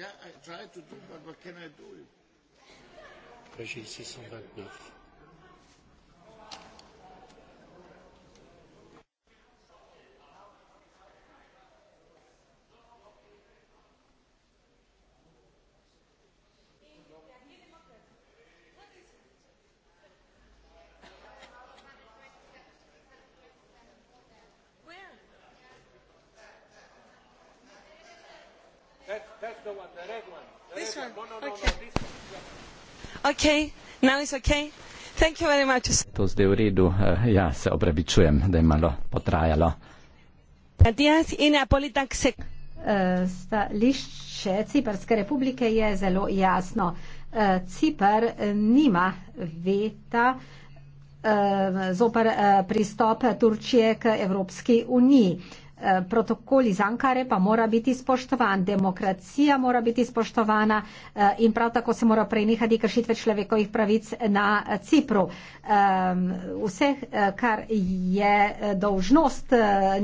Yeah, I try to do, but what can I do? Page 629. okay? Now it's okay? Thank you very much. To zdaj v redu, uh, ja se opravičujem, da je malo potrajalo. Matijas in Apolitak se. Uh, stališče Ciperske republike je zelo jasno. Uh, eh, Cipr nima veta uh, zoper uh, pristop Turčije k Evropski uniji. Uh, Eh, protokol iz Ankare pa mora biti spoštovan, demokracija mora biti spoštovana eh, in prav tako se mora prenehati kršitve človekovih pravic na eh, Cipru. Ehm, vse, kar je dožnost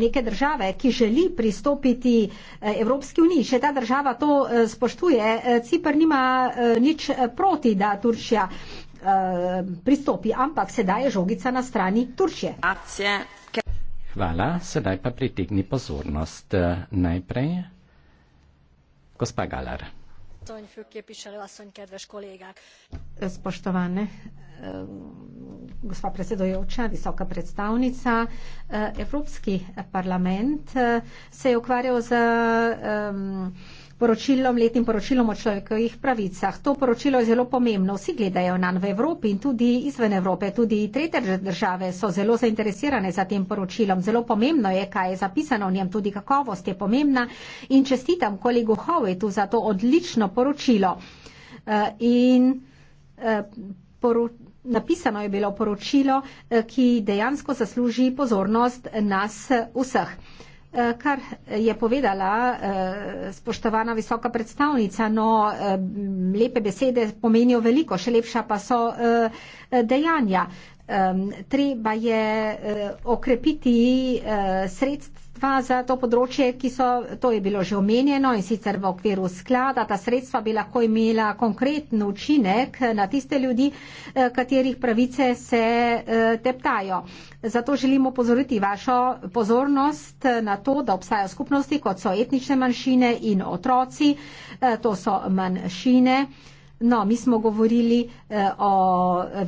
neke države, ki želi pristopiti Evropski uniji, če ta država to spoštuje, Cipr nima nič proti, da Turčija pristopi, ampak sedaj je žogica na strani Turčije. Hvala. Hvala, sedaj pa pritegni pozornost eh, najprej. Gospa Galar. Spoštovane eh, Gospa predsedojoča, visoka predstavnica, eh, Evropski parlament eh, se je ukvarjal z poročilom, letnim poročilom o človekovih pravicah. To poročilo je zelo pomembno. Vsi gledajo nam v Evropi in tudi izven Evrope. Tudi tretje države so zelo zainteresirane za tem poročilom. Zelo pomembno je, kaj je zapisano v njem. Tudi kakovost je pomembna. In čestitam kolegu Hovetu za to odlično poročilo. Eh, in poro napisano je bilo poročilo, eh, ki dejansko zasluži pozornost nas vseh. Eh, kar je povedala eh, spoštovana visoka predstavnica, no lepe besede pomenijo veliko, še lepša pa so dejanja. Treba je okrepiti sredstva sredstva za to področje, ki so, to je bilo že omenjeno in sicer v okviru sklada, ta sredstva bi lahko imela konkreten učinek na tiste ljudi, eh, katerih pravice se eh, teptajo. Zato želimo pozoriti vašo pozornost eh, na to, da obstajajo skupnosti, kot so etnične manjšine in otroci, to so manjšine. No, mi smo govorili eh, o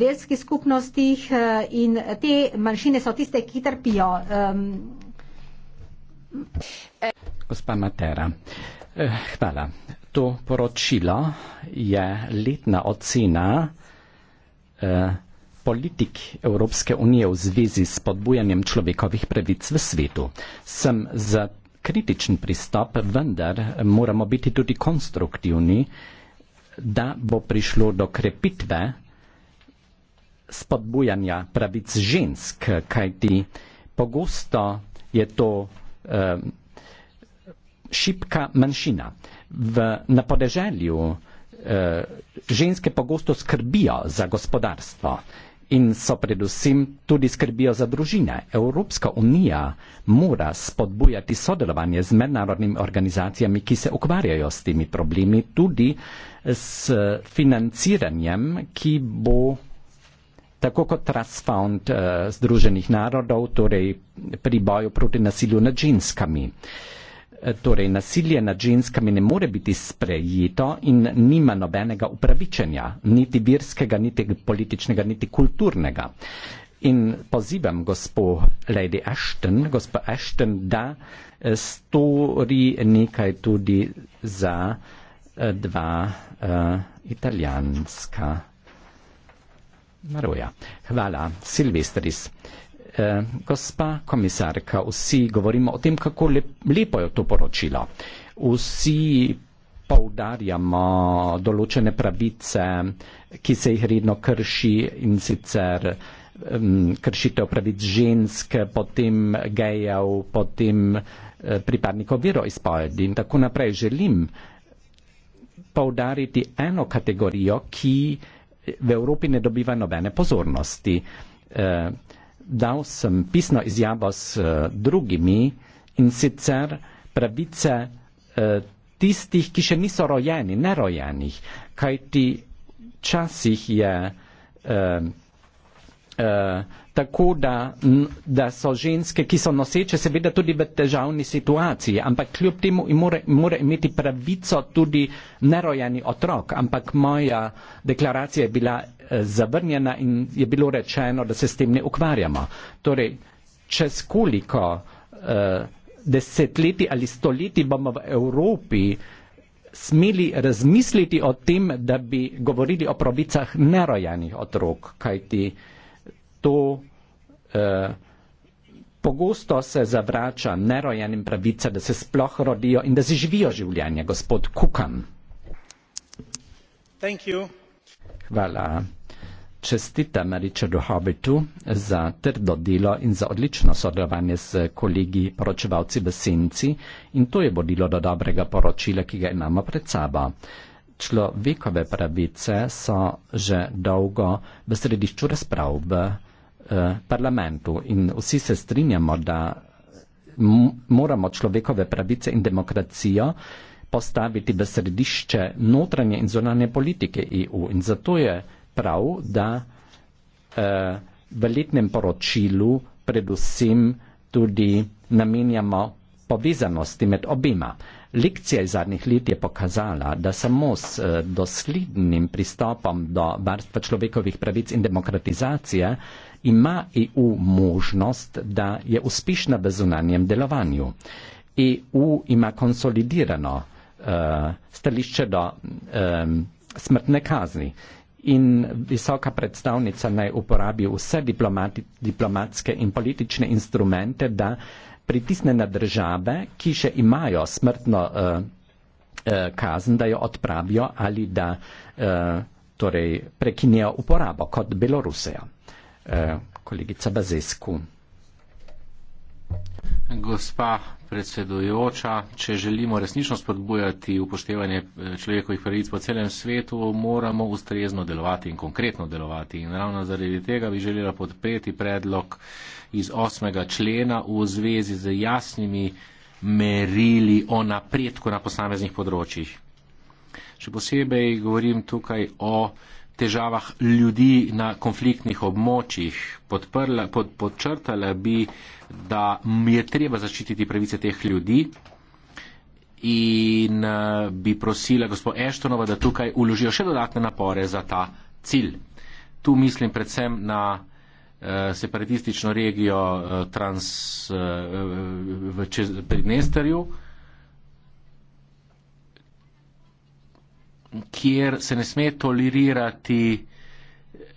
verskih skupnostih eh, in te manjšine so tiste, ki trpijo. Eh, Gospa Matera, eh, hvala. To poročilo je letna ocena eh, politik Evropske unije v zvezi s podbujanjem človekovih pravic v svetu. Sem za kritičen pristop, vendar moramo biti tudi konstruktivni, da bo prišlo do krepitve spodbujanja pravic žensk, kajti pogosto je to uh, šipka manjšina. V, na podeželju uh, ženske pogosto skrbijo za gospodarstvo in so predvsem tudi skrbijo za družine. Evropska unija mora spodbujati sodelovanje z mednarodnimi organizacijami, ki se ukvarjajo s temi problemi, tudi s financiranjem, ki bo uh, tako kot Trust Fund uh, Združenih narodov, torej pri boju proti nasilju nad ženskami. Eh, torej, nasilje nad ženskami ne more biti sprejeto in nima nobenega upravičenja, niti virskega, niti političnega, niti kulturnega. In pozivam gospo Lady Ashton, gospo Ashton, da eh, stori nekaj tudi za dva uh, italijanska Maruja. Hvala. Silvestris. E, gospa komisarka, vsi govorimo o tem, kako lepo je to poročilo. Vsi poudarjamo določene pravice, ki se jih redno krši in sicer um, kršitev pravic žensk, potem gejev, potem uh, pripadnikov veroizpovedi in tako naprej. Želim poudariti eno kategorijo, ki v Evropi ne dobiva nobene pozornosti. Uh, dal sem pisno izjavo s uh, drugimi in sicer pravice uh, tistih, ki še niso rojeni, nerojenih, kajti časih je uh, uh, tako, da, da so ženske, ki so noseče, seveda tudi v težavni situaciji, ampak kljub temu more, more imeti pravico tudi nerojeni otrok. Ampak moja deklaracija je bila eh, zavrnjena in je bilo rečeno, da se s tem ne ukvarjamo. Torej, čez koliko uh, eh, desetletji ali stoletji bomo v Evropi smeli razmisliti o tem, da bi govorili o pravicah nerojenih otrok, kajti uh, to eh, pogosto se zavrača nerojenim pravice, da se sploh rodijo in da si živijo življenje, gospod Kukan. Thank you. Hvala. Čestitam Richardu Hobbitu za trdo delo in za odlično sodelovanje s kolegi poročevalci v Senci in to je vodilo do dobrega poročila, ki ga imamo pred sabo. Človekove pravice so že dolgo v središču razprav v Eh, parlamentu in vsi se strinjamo, da moramo človekove pravice in demokracijo postaviti v središče notranje in zunanje politike EU. In zato je prav, da eh, v letnem poročilu predvsem tudi namenjamo povezanosti med obima. Lekcija iz zadnjih let je pokazala, da samo s eh, doslednim pristopom do varstva človekovih pravic in demokratizacije ima EU možnost, da je uspešna v zunanjem delovanju. EU ima konsolidirano uh, stališče do um, smrtne kazni in visoka predstavnica naj uporabi vse diplomatske in politične instrumente, da pritisne na države, ki še imajo smrtno uh, kazen, da jo odpravijo ali da uh, torej prekinijo uporabo kot Belorusija. Eh, kolegica Bazesku. Gospa predsedujoča, če želimo resnično spodbujati upoštevanje eh, človekovih pravic po celem svetu, moramo ustrezno delovati in konkretno delovati. In ravno zaradi tega bi želela podpreti predlog iz 8. člena v zvezi z jasnimi merili o napredku na posameznih področjih. Še posebej govorim tukaj o težavah ljudi na konfliktnih območjih. Podprla, pod, podčrtala bi, da je treba zaščititi pravice teh ljudi in bi prosila gospod Eštonova, da tukaj uložijo še dodatne napore za ta cilj. Tu mislim predvsem na eh, separatistično regijo eh, Trans eh, v Prednesterju. Eh, kjer se ne sme tolerirati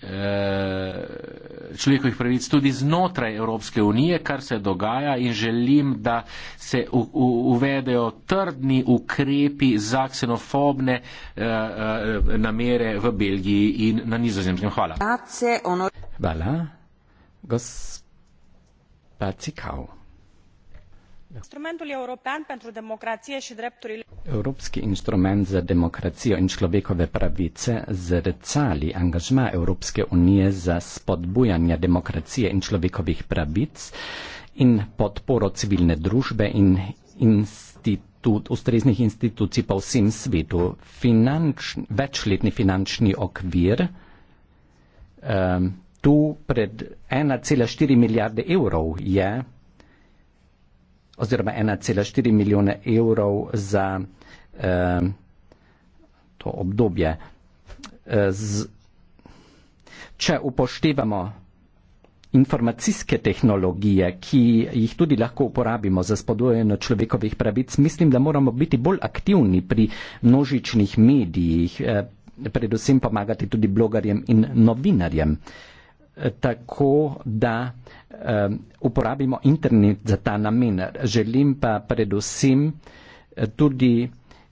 eh, človekovih pravic tudi znotraj Evropske unije, kar se dogaja in želim, da se uvedejo trdni ukrepi za ksenofobne eh, eh, namere v Belgiji in na nizozemskem. Hvala. Hvala. Gospod Cikau. Instrumentul european pentru democrație și drepturile Europski instrument za demokracijo in človekove pravice zrcali angažma Evropske unije za spodbujanje demokracije in človekovih pravic in podporo civilne družbe in institut, ustreznih institucij po vsem svetu. Finanč, večletni finančni okvir um, tu pred 1,4 milijarde evrov je oziroma 1,4 milijone evrov za eh, to obdobje. Eh, z, če upoštevamo informacijske tehnologije, ki jih tudi lahko uporabimo za spodbujanje človekovih pravic, mislim, da moramo biti bolj aktivni pri množičnih medijih, eh, predvsem pomagati tudi blogarjem in novinarjem. Eh, tako, da um, uporabimo internet za ta namen. Želim pa predvsem eh, tudi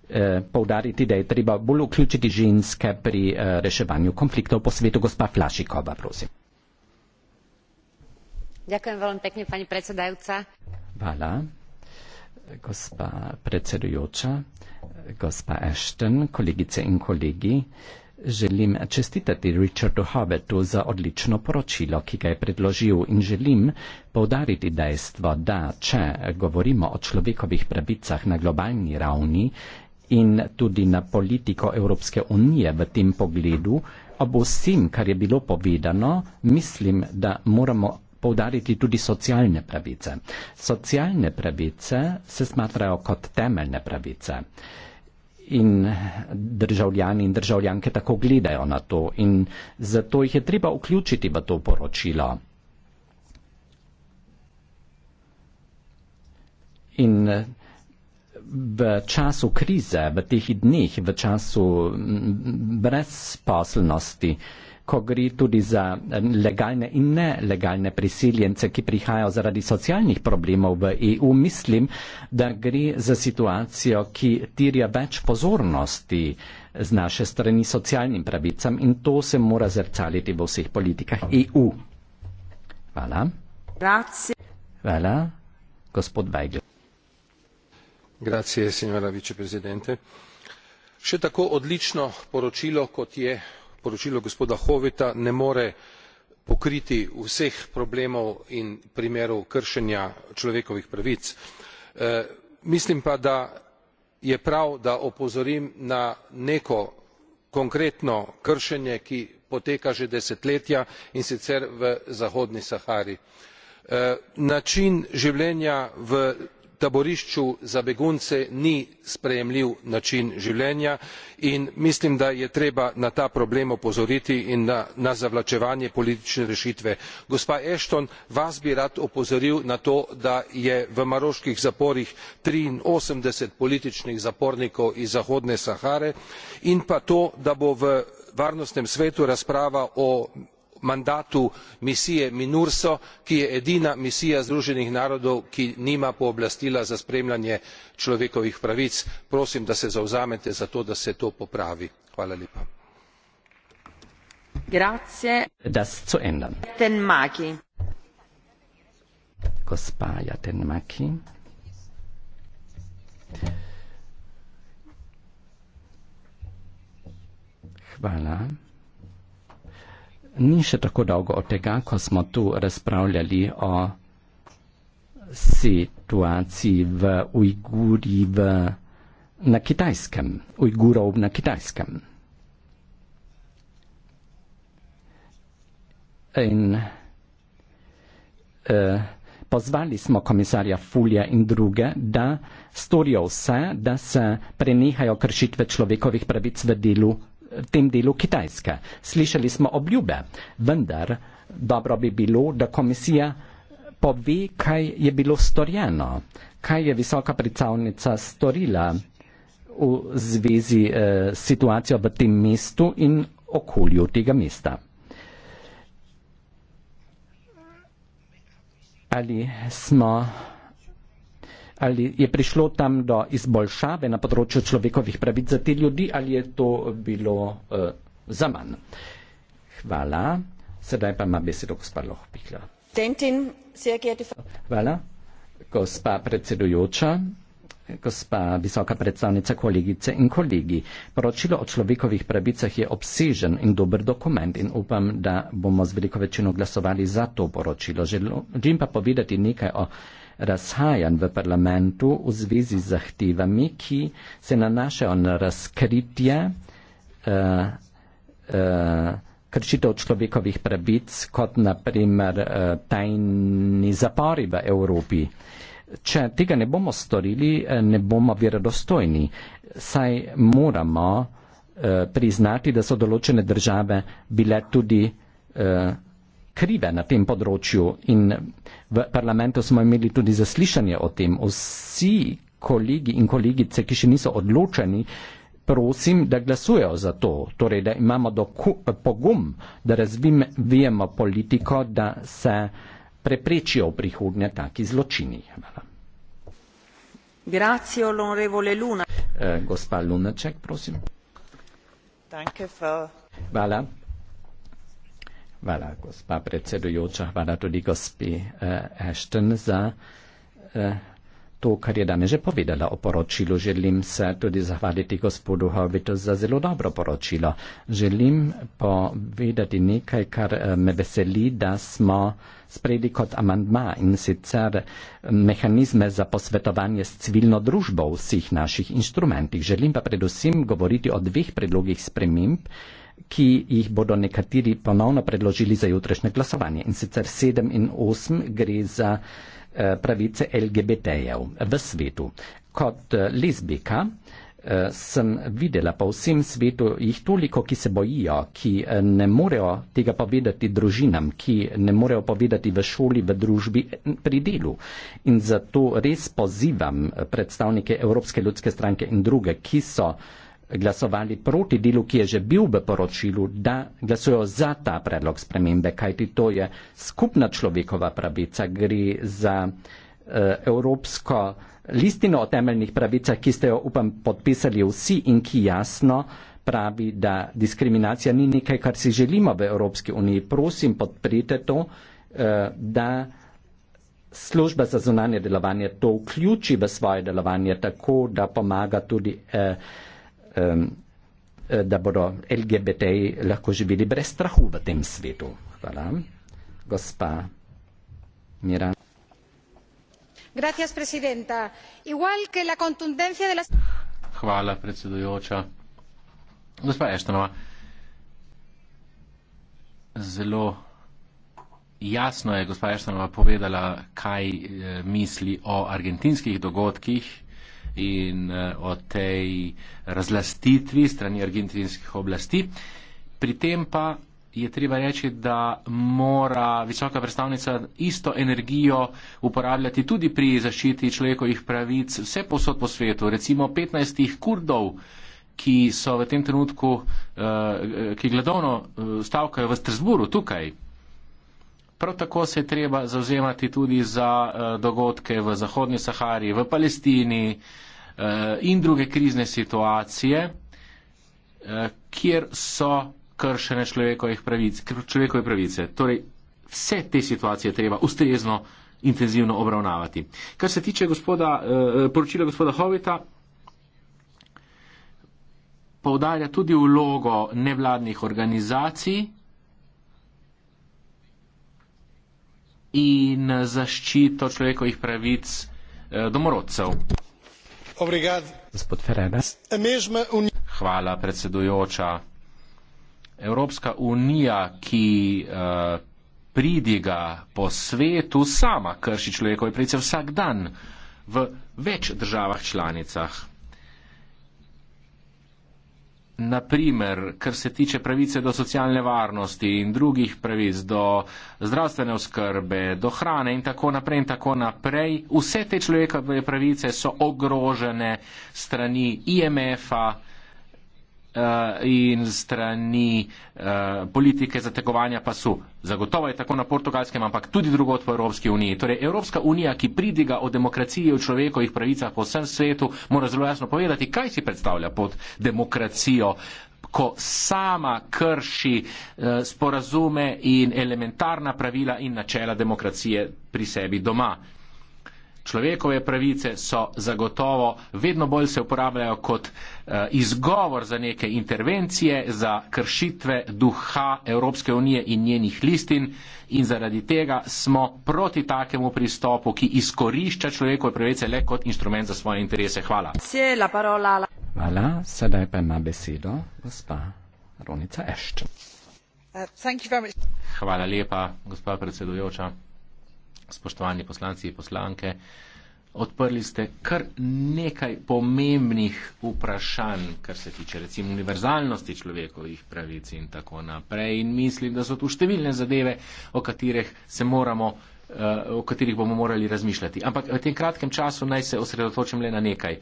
eh, poudariti, da je treba bolj vključiti ženske pri eh, reševanju konfliktov po svetu. Gospa Flašikova, prosim. Ďakujem veľmi pekne, pani predsedajúca. Hvala. Gospa predsedujúča, gospa Ashton, kolegice in kolegi. Uh, Želim čestitati Richardu Hobbitu za odlično poročilo, ki ga je predložil in želim povdariti dejstvo, da če govorimo o človekovih pravicah na globalni ravni in tudi na politiko Evropske unije v tem pogledu, ob vsem, kar je bilo povedano, mislim, da moramo povdariti tudi socialne pravice. Socialne pravice se smatrajo kot temeljne pravice in državljani in državljanke tako gledajo na to in zato jih je treba vključiti v to poročilo. In v času krize, v teh dneh, v času brezposelnosti, uh, ko gre tudi za eh, legalne in nelegalne prisiljence, ki prihajajo zaradi socialnih problemov v EU, mislim, da gre za situacijo, ki tirja več pozornosti z naše strani socialnim pravicam in to se mora zrcaliti v vseh politikah EU. Hvala. Grazie. Hvala, gospod Weigl. Grazie, signora viceprezidente. Še tako odlično poročilo, kot je poročilo gospoda howitta ne more pokriti vseh problemov in primerov kršenja človekovih pravic e, mislim pa da je prav da opozorim na neko konkretno kršenje ki poteka že desetletja in sicer v zahodni sahari. E, način življenja v taborišču za begunce ni sprejemljiv način življenja in mislim da je treba na ta problem opozoriti in na zavlačevanje politične rešitve. gospa ashton vas bi rad opozoril na to da je v maroških zaporih triinosemdeset političnih zapornikov iz zahodne sahare in pa to da bo v varnostnem svetu razprava o mandatu misije minurso ki je edina misija združenih narodov ki nima pooblastila za spremljanje človekovih pravic prosim da se zavzamete za to da se to popravi ni še tako dolgo od tega, ko smo tu razpravljali o situaciji v Ujguri v, na kitajskem, Ujgurov na kitajskem. In eh, pozvali smo komisarja Fulja in druge, da storijo vse, da se prenehajo kršitve človekovih pravic v delu tem delu Kitajske. Slišali smo obljube, vendar dobro bi bilo, da komisija pove, kaj je bilo storjeno, kaj je visoka predstavnica storila v zvezi eh, s eh, situacijo v tem mestu in okolju tega mesta. Ali smo ali je prišlo tam do izboljšave na področju človekovih pravic za te ljudi ali je to bilo uh, eh, za manj. Hvala. Sedaj pa ima besedo gospa Lohpihla. Hvala. Gospa predsedujoča, gospa visoka predstavnica, kolegice in kolegi. Poročilo o človekovih pravicah je obsežen in dober dokument in upam, da bomo z veliko večino glasovali za to poročilo. Želim pa povedati nekaj o razhajanj v parlamentu v zvezi z zahtevami, ki se nanašajo na razkritje uh, uh, kršitev človekovih pravic, kot naprimer uh, eh, tajni zapori v Evropi. Če tega ne bomo storili, ne bomo verodostojni, saj moramo uh, priznati, da so določene države bile tudi uh, krive na tem področju in v parlamentu smo imeli tudi zaslišanje o tem. Vsi kolegi in kolegice, ki še niso odločeni, prosim, da glasujejo za to, torej da imamo doku, pogum, da razvijemo politiko, da se preprečijo v prihodnje taki zločini. Hvala. Grazie, onorevole Luna. Eh, gospa Lunaček, prosim. Danke für... Hvala. Hvala, gospa predsedujoča, hvala tudi gospi eh, Ashton za eh, to, kar je danes že povedala o poročilu. Želim se tudi zahvaliti gospodu Hovitu za zelo dobro poročilo. Želim povedati nekaj, kar eh, me veseli, da smo sprejeli kot amandma in sicer eh, mehanizme za posvetovanje s civilno družbo v vseh naših instrumentih. Želim pa predvsem govoriti o dveh predlogih sprememb ki jih bodo nekateri ponovno predložili za jutrešnje glasovanje. In sicer 7 in 8 gre za eh, pravice LGBT-jev v svetu. Kot eh, lesbika eh, sem videla po vsem svetu jih toliko, ki se bojijo, ki ne morejo tega povedati družinam, ki ne morejo povedati v šoli, v družbi, pri delu. In zato res pozivam predstavnike Evropske ljudske stranke in druge, ki so glasovali proti delu, ki je že bil v poročilu, da glasujo za ta predlog spremembe, kajti to je skupna človekova pravica, gre za eh, Evropsko listino o temeljnih pravicah, ki ste jo, upam, podpisali vsi in ki jasno pravi, da diskriminacija ni nekaj, kar si želimo v Evropski uniji. Prosim, podprite to, eh, da služba za zunanje delovanje to vključi v svoje delovanje tako, da pomaga tudi. Eh, um, da bodo LGBT lahko živeli brez strahu v tem svetu. Hvala. Gospa Mira. Gracias, presidenta. Igual que la contundencia de las... Hvala, predsedujoča. Gospa Eštonova, zelo jasno je gospa Eštonova povedala, kaj eh, misli o argentinskih dogodkih in eh, o tej razlastitvi strani argentinskih oblasti. Pri tem pa je treba reči, da mora visoka predstavnica isto energijo uporabljati tudi pri zaščiti človekovih pravic vse posod po svetu. Recimo 15 kurdov, ki so v tem trenutku, eh, ki gledovno eh, stavkajo v Strasburu tukaj. Prav tako se je treba zauzemati tudi za dogodke v Zahodnji Sahari, v Palestini, Eh, in druge krizne situacije, eh, kjer so kršene človekovih pravic, človekove pravice. Torej, vse te situacije treba ustrezno intenzivno obravnavati. Kar se tiče gospoda, eh, poročila gospoda Hovita, povdarja tudi vlogo nevladnih organizacij in zaščito človekovih pravic eh, domorodcev. Hvala, predsedujoča. Evropska unija, ki uh, pridiga po svetu, sama krši človekove pravice vsak dan v več državah članicah naprimer, kar se tiče pravice do socialne varnosti in drugih pravic, do zdravstvene oskrbe, do hrane in tako naprej in tako naprej, vse te človekove pravice so ogrožene strani IMF-a, Eh, in strani eh, politike zategovanja pasu. Zagotovo je tako na portugalskem, ampak tudi drugot v Evropski uniji. Torej, Evropska unija, ki pridiga o demokraciji, o človekovih pravicah po vsem svetu, mora zelo jasno povedati, kaj si predstavlja pod demokracijo, ko sama krši eh, sporazume in elementarna pravila in načela demokracije pri sebi doma človekove pravice so zagotovo vedno bolj se uporabljajo kot eh, izgovor za neke intervencije, za kršitve duha Evropske unije in njenih listin in zaradi tega smo proti takemu pristopu, ki izkorišča človekove pravice le kot instrument za svoje interese. Hvala. Hvala, sedaj pa ima besedo gospa Ronica Eščen. Uh, Hvala lepa, gospa predsedujoča spoštovani poslanci in poslanke, odprli ste kar nekaj pomembnih vprašanj, kar se tiče recimo univerzalnosti človekovih pravic in tako naprej. In mislim, da so tu številne zadeve, o katerih se moramo eh, o katerih bomo morali razmišljati. Ampak v tem kratkem času naj se osredotočim le na nekaj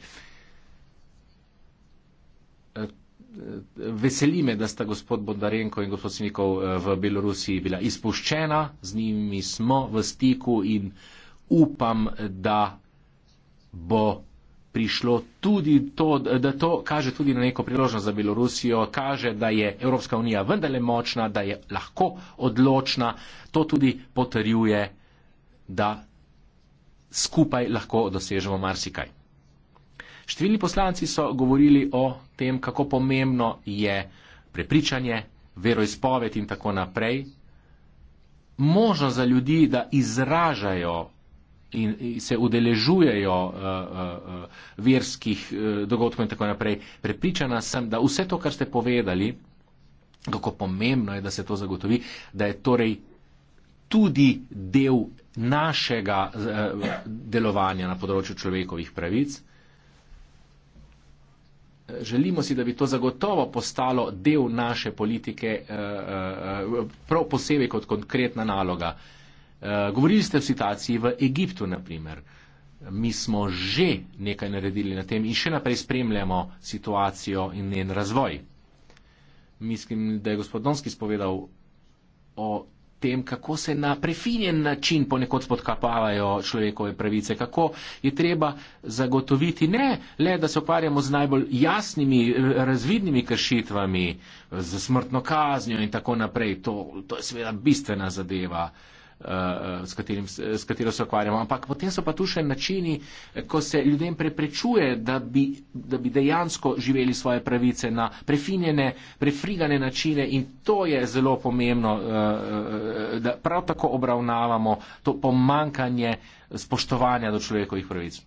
veseli me, da sta gospod Bondarenko in gospod Sinikov eh, v Belorusiji bila izpuščena, z njimi smo v stiku in upam, da bo prišlo tudi to, da to kaže tudi na neko priložnost za Belorusijo, kaže, da je Evropska unija vendarle močna, da je lahko odločna, to tudi potrjuje, da skupaj lahko dosežemo marsikaj. Številni poslanci so govorili o tem, kako pomembno je prepričanje, veroizpoved in tako naprej. Možnost za ljudi, da izražajo in se udeležujejo uh, uh, uh, verskih dogodkov in tako naprej. Prepričana sem, da vse to, kar ste povedali, kako pomembno je, da se to zagotovi, da je torej tudi del našega delovanja na področju človekovih pravic. Želimo si, da bi to zagotovo postalo del naše politike, eh, eh, prav posebej kot konkretna naloga. Eh, govorili ste o situaciji v Egiptu, naprimer. Mi smo že nekaj naredili na tem in še naprej spremljamo situacijo in njen razvoj. Mislim, da je gospod Donski spovedal o tem, kako se na prefinjen način ponekod spodkapavajo človekove pravice, kako je treba zagotoviti ne le, da se ukvarjamo z najbolj jasnimi, razvidnimi kršitvami, z smrtno kaznjo in tako naprej. To, to je seveda bistvena zadeva. Eh, eh, s, katerim, s katero se okvarjamo. Ampak potem so pa tu še načini, eh, ko se ljudem preprečuje, da bi, da bi dejansko živeli svoje pravice na prefinjene, prefrigane načine in to je zelo pomembno, da prav tako obravnavamo to pomankanje spoštovanja do človekovih pravic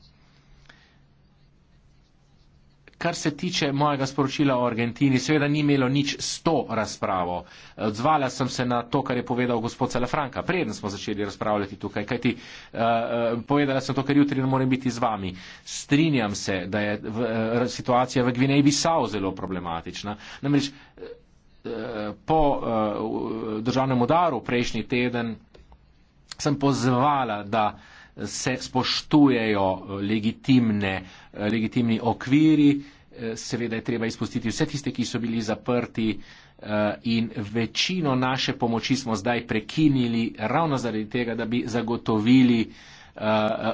kar se tiče mojega sporočila o Argentini, seveda ni imelo nič s to razpravo. Odzvala sem se na to, kar je povedal gospod Celefranka, preden smo začeli razpravljati tukaj, kajti uh, uh, povedala sem to, ker jutri ne morem biti z vami. Strinjam se, da je v, uh, situacija v Gvineji Bisao zelo problematična. Namreč uh, po uh, državnem udaru prejšnji teden sem pozvala, da uh, se spoštujejo eh, eh, legitimni okviri, eh, seveda je treba izpustiti vse tiste, ki so bili zaprti in večino naše pomoči smo zdaj prekinili ravno zaradi tega, da bi zagotovili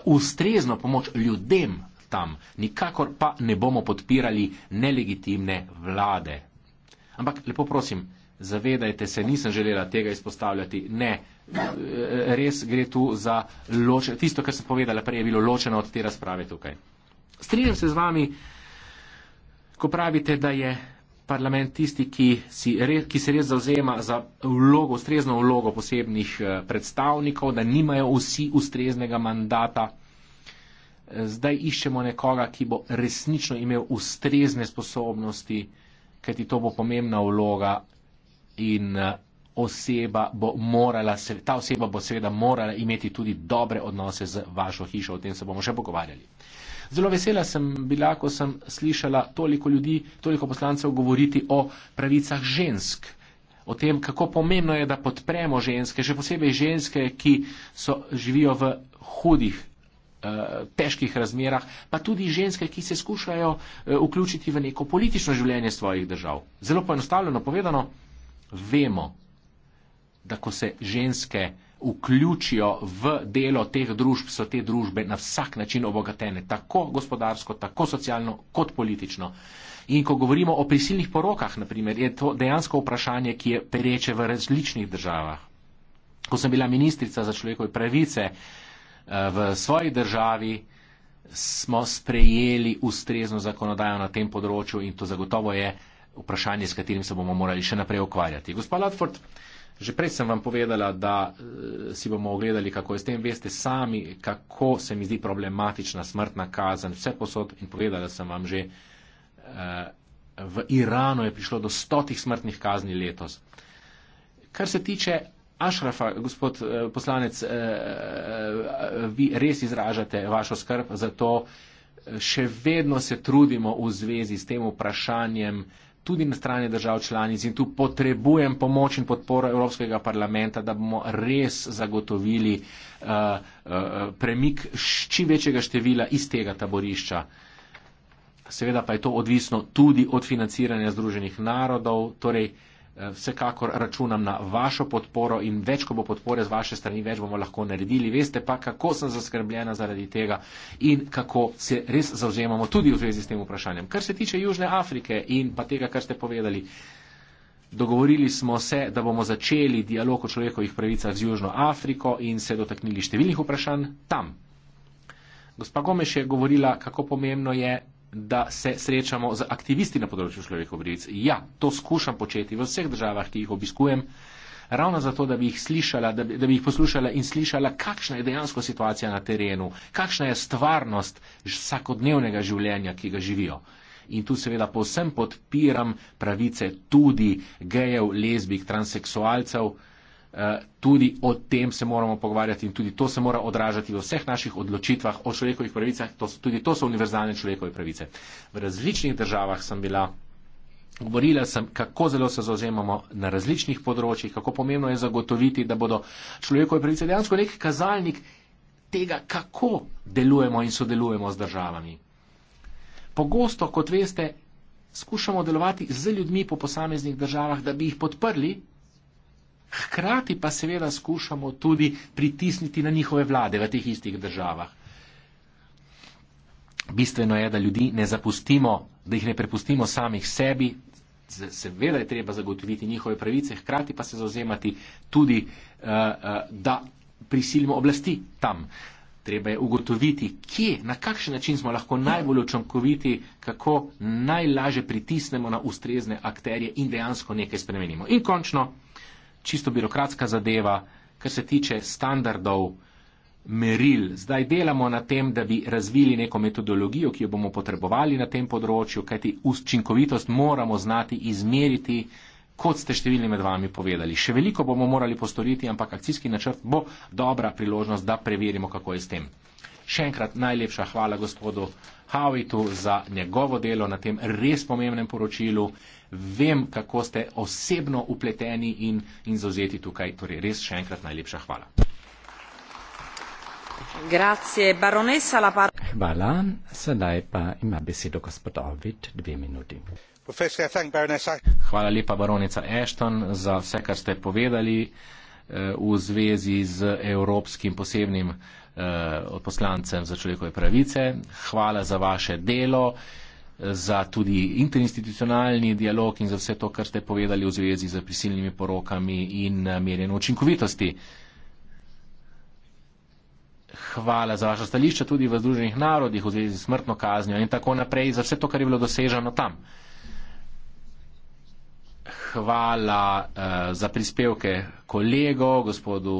ustrezno pomoč ljudem tam. Nikakor pa ne bomo podpirali nelegitimne vlade. Ampak lepo prosim, zavedajte se, nisem želela tega izpostavljati. Ne, res gre tu za ločeno. Tisto, kar sem povedala prej, je bilo ločeno od te razprave tukaj. Strinjam se z vami, ko pravite, da je parlament tisti, ki, si, ki se res zauzema za vlogo, ustrezno vlogo posebnih eh, predstavnikov, da nimajo vsi ustreznega mandata. Zdaj iščemo nekoga, ki bo resnično imel ustrezne sposobnosti, kajti to bo pomembna vloga in eh, oseba bo morala, ta oseba bo seveda morala imeti tudi dobre odnose z vašo hišo, o tem se bomo še pogovarjali. Zelo vesela sem bila, ko sem slišala toliko ljudi, toliko poslancev govoriti o pravicah žensk, o tem, kako pomembno je, da podpremo ženske, še posebej ženske, ki so, živijo v hudih, eh, težkih razmerah, pa tudi ženske, ki se skušajo eh, vključiti v neko politično življenje svojih držav. Zelo poenostavljeno povedano, vemo, da ko se ženske vključijo v delo teh družb, so te družbe na vsak način obogatene, tako gospodarsko, tako socialno, kot politično. In ko govorimo o prisilnih porokah, naprimer, je to dejansko vprašanje, ki je pereče v različnih državah. Ko sem bila ministrica za človekove pravice eh, v svoji državi, smo sprejeli ustrezno zakonodajo na tem področju in to zagotovo je vprašanje, s katerim se bomo morali še naprej ukvarjati. Gospod Latford, že prej sem vam povedala, da eh, si bomo ogledali, kako je s tem. Veste sami, kako se mi zdi problematična smrtna kazen vse posod in povedala sem vam že, eh, v Iranu je prišlo do stotih smrtnih kazni letos. Kar se tiče Ašrafa, gospod eh, poslanec, vi res izražate vašo skrb za to, še vedno se trudimo v zvezi s tem vprašanjem, tudi na strani držav članic in tu potrebujem pomoč in podporo Evropskega parlamenta, da bomo res zagotovili uh, uh, premik čim večjega števila iz tega taborišča. Seveda pa je to odvisno tudi od financiranja Združenih narodov, torej uh, vsekakor računam na vašo podporo in več, ko bo podpore z vaše strani, več bomo lahko naredili. Veste pa, kako sem zaskrbljena zaradi tega in kako se res zauzemamo tudi v zvezi s tem vprašanjem. Kar se tiče Južne Afrike in pa tega, kar ste povedali. Dogovorili smo se, da bomo začeli dialog o človekovih pravicah z Južno Afriko in se dotaknili številnih vprašanj tam. Gospa Gomeš je govorila, kako pomembno je da se srečamo z aktivisti na področju človekovih pravic. Ja, to skušam početi v vseh državah, ki jih obiskujem, ravno zato, da bi jih, slišala, da bi, da bi jih poslušala in slišala, kakšna je dejansko situacija na terenu, kakšna je stvarnost vsakodnevnega življenja, ki ga živijo. In tu seveda posem podpiram pravice tudi gejev, lezbik, transseksualcev. Eh, tudi o tem se moramo pogovarjati in tudi to se mora odražati v vseh naših odločitvah o človekovih pravicah. To so, tudi to so univerzalne človekove pravice. V različnih državah sem bila. Govorila sem, kako zelo se zauzemamo na različnih področjih, kako pomembno je zagotoviti, da bodo človekove pravice dejansko nek kazalnik tega, kako delujemo in sodelujemo z državami. Pogosto, kot veste, skušamo delovati z ljudmi po posameznih državah, da bi jih podprli, Hkrati pa seveda skušamo tudi pritisniti na njihove vlade v teh istih državah. Bistveno je, da ljudi ne zapustimo, da jih ne prepustimo samih sebi. Seveda je treba zagotoviti njihove pravice, hkrati pa se zauzemati tudi, eh, eh, da prisilimo oblasti tam. Treba je ugotoviti, kje, na kakšen način smo lahko najbolj učinkoviti, kako najlaže pritisnemo na ustrezne akterje in dejansko nekaj spremenimo. In končno, čisto birokratska zadeva, kar se tiče standardov, meril. Zdaj delamo na tem, da bi razvili neko metodologijo, ki jo bomo potrebovali na tem področju, kajti učinkovitost moramo znati izmeriti, kot ste številni med vami povedali. Še veliko bomo morali postoriti, ampak akcijski načrt bo dobra priložnost, da preverimo, kako je s tem. Še enkrat najlepša hvala gospodu Havitu za njegovo delo na tem res pomembnem poročilu vem, kako ste osebno upleteni in, in zauzeti tukaj. Torej, res še enkrat najlepša hvala. Hvala. Sedaj pa ima besedo gospod Ovid dve minuti. Ja, hvala lepa, baronica Ashton, za vse, kar ste povedali eh, v zvezi z evropskim posebnim eh, odposlancem za človekove pravice. Hvala za vaše delo za tudi interinstitucionalni dialog in za vse to, kar ste povedali v zvezi z prisilnimi porokami in eh, merjeno učinkovitosti. Hvala za vaša stališča tudi v Združenih narodih v zvezi z smrtno kaznjo in tako naprej za vse to, kar je bilo doseženo tam. Hvala uh, za prispevke kolego, gospodu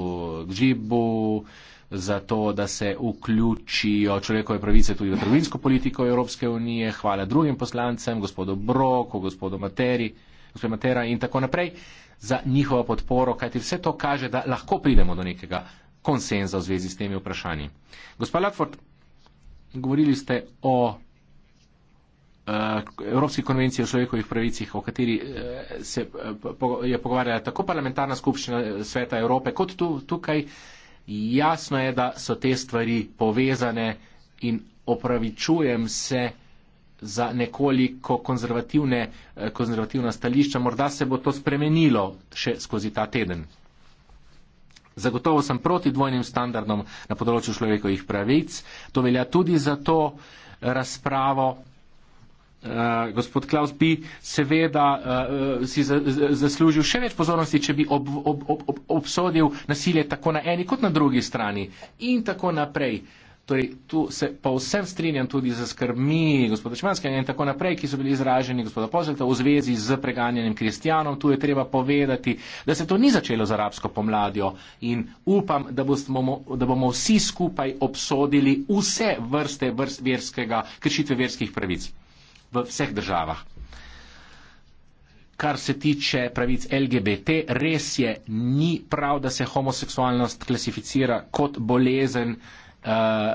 Gžibu, uh, za to, da se vključijo človekove pravice tudi v trgovinsko politiko Evropske unije. Hvala drugim poslancem, gospodu Broku, gospodu Materi, gospod Matera in tako naprej za njihovo podporo, kajti vse to kaže, da lahko pridemo do nekega konsenza v zvezi s temi vprašanji. Gospod Lakford, govorili ste o eh, Evropski konvenciji o človekovih pravicih, o kateri eh, se eh, je pogovarjala tako parlamentarna skupščina sveta Evrope, kot tu, tukaj jasno je, da so te stvari povezane in opravičujem se za nekoliko eh, konzervativna stališča. Morda se bo to spremenilo še skozi ta teden. Zagotovo sem proti dvojnim standardom na področju človekovih pravic. To velja tudi za to razpravo Uh, gospod Klaus bi seveda uh, si za, za, zaslužil še več pozornosti, če bi ob, ob, ob, ob, obsodil nasilje tako na eni kot na drugi strani in tako naprej. Torej, tu se pa vsem strinjam tudi za skrbi gospoda Šmanskega in tako naprej, ki so bili izraženi gospoda Pozelta v zvezi z preganjanjem kristijanov. Tu je treba povedati, da se to ni začelo z arabsko pomladjo in upam, da bomo, da bomo vsi skupaj obsodili vse vrste vrst verskega, kršitve verskih pravic v vseh državah. Kar se tiče pravic LGBT, res je, ni prav, da se homoseksualnost klasificira kot bolezen. Uh,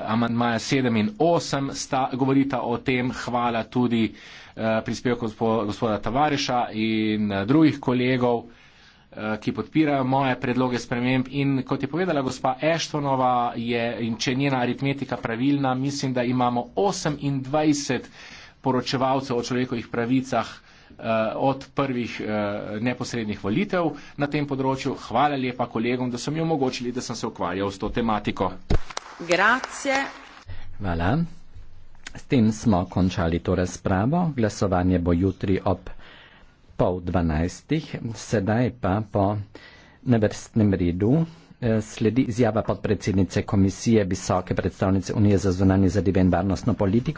amandmaja 7 in 8 sta, govorita o tem, hvala tudi uh, prispevku gospoda Tavareša in uh, drugih kolegov, uh, ki podpirajo moje predloge sprememb. In kot je povedala gospa Eštonova, če je njena aritmetika pravilna, mislim, da imamo 28 poročevalcev o človekovih pravicah eh, od prvih eh, neposrednih volitev na tem področju. Hvala lepa kolegom, da so mi omogočili, da sem se ukvarjal s to tematiko. Grazie. Hvala. S tem smo končali to razpravo. Glasovanje bo jutri ob pol dvanajstih. Sedaj pa po nevrstnem redu eh, sledi izjava podpredsednice Komisije Visoke predstavnice Unije za zvonanje zadeve in varnostno politiko.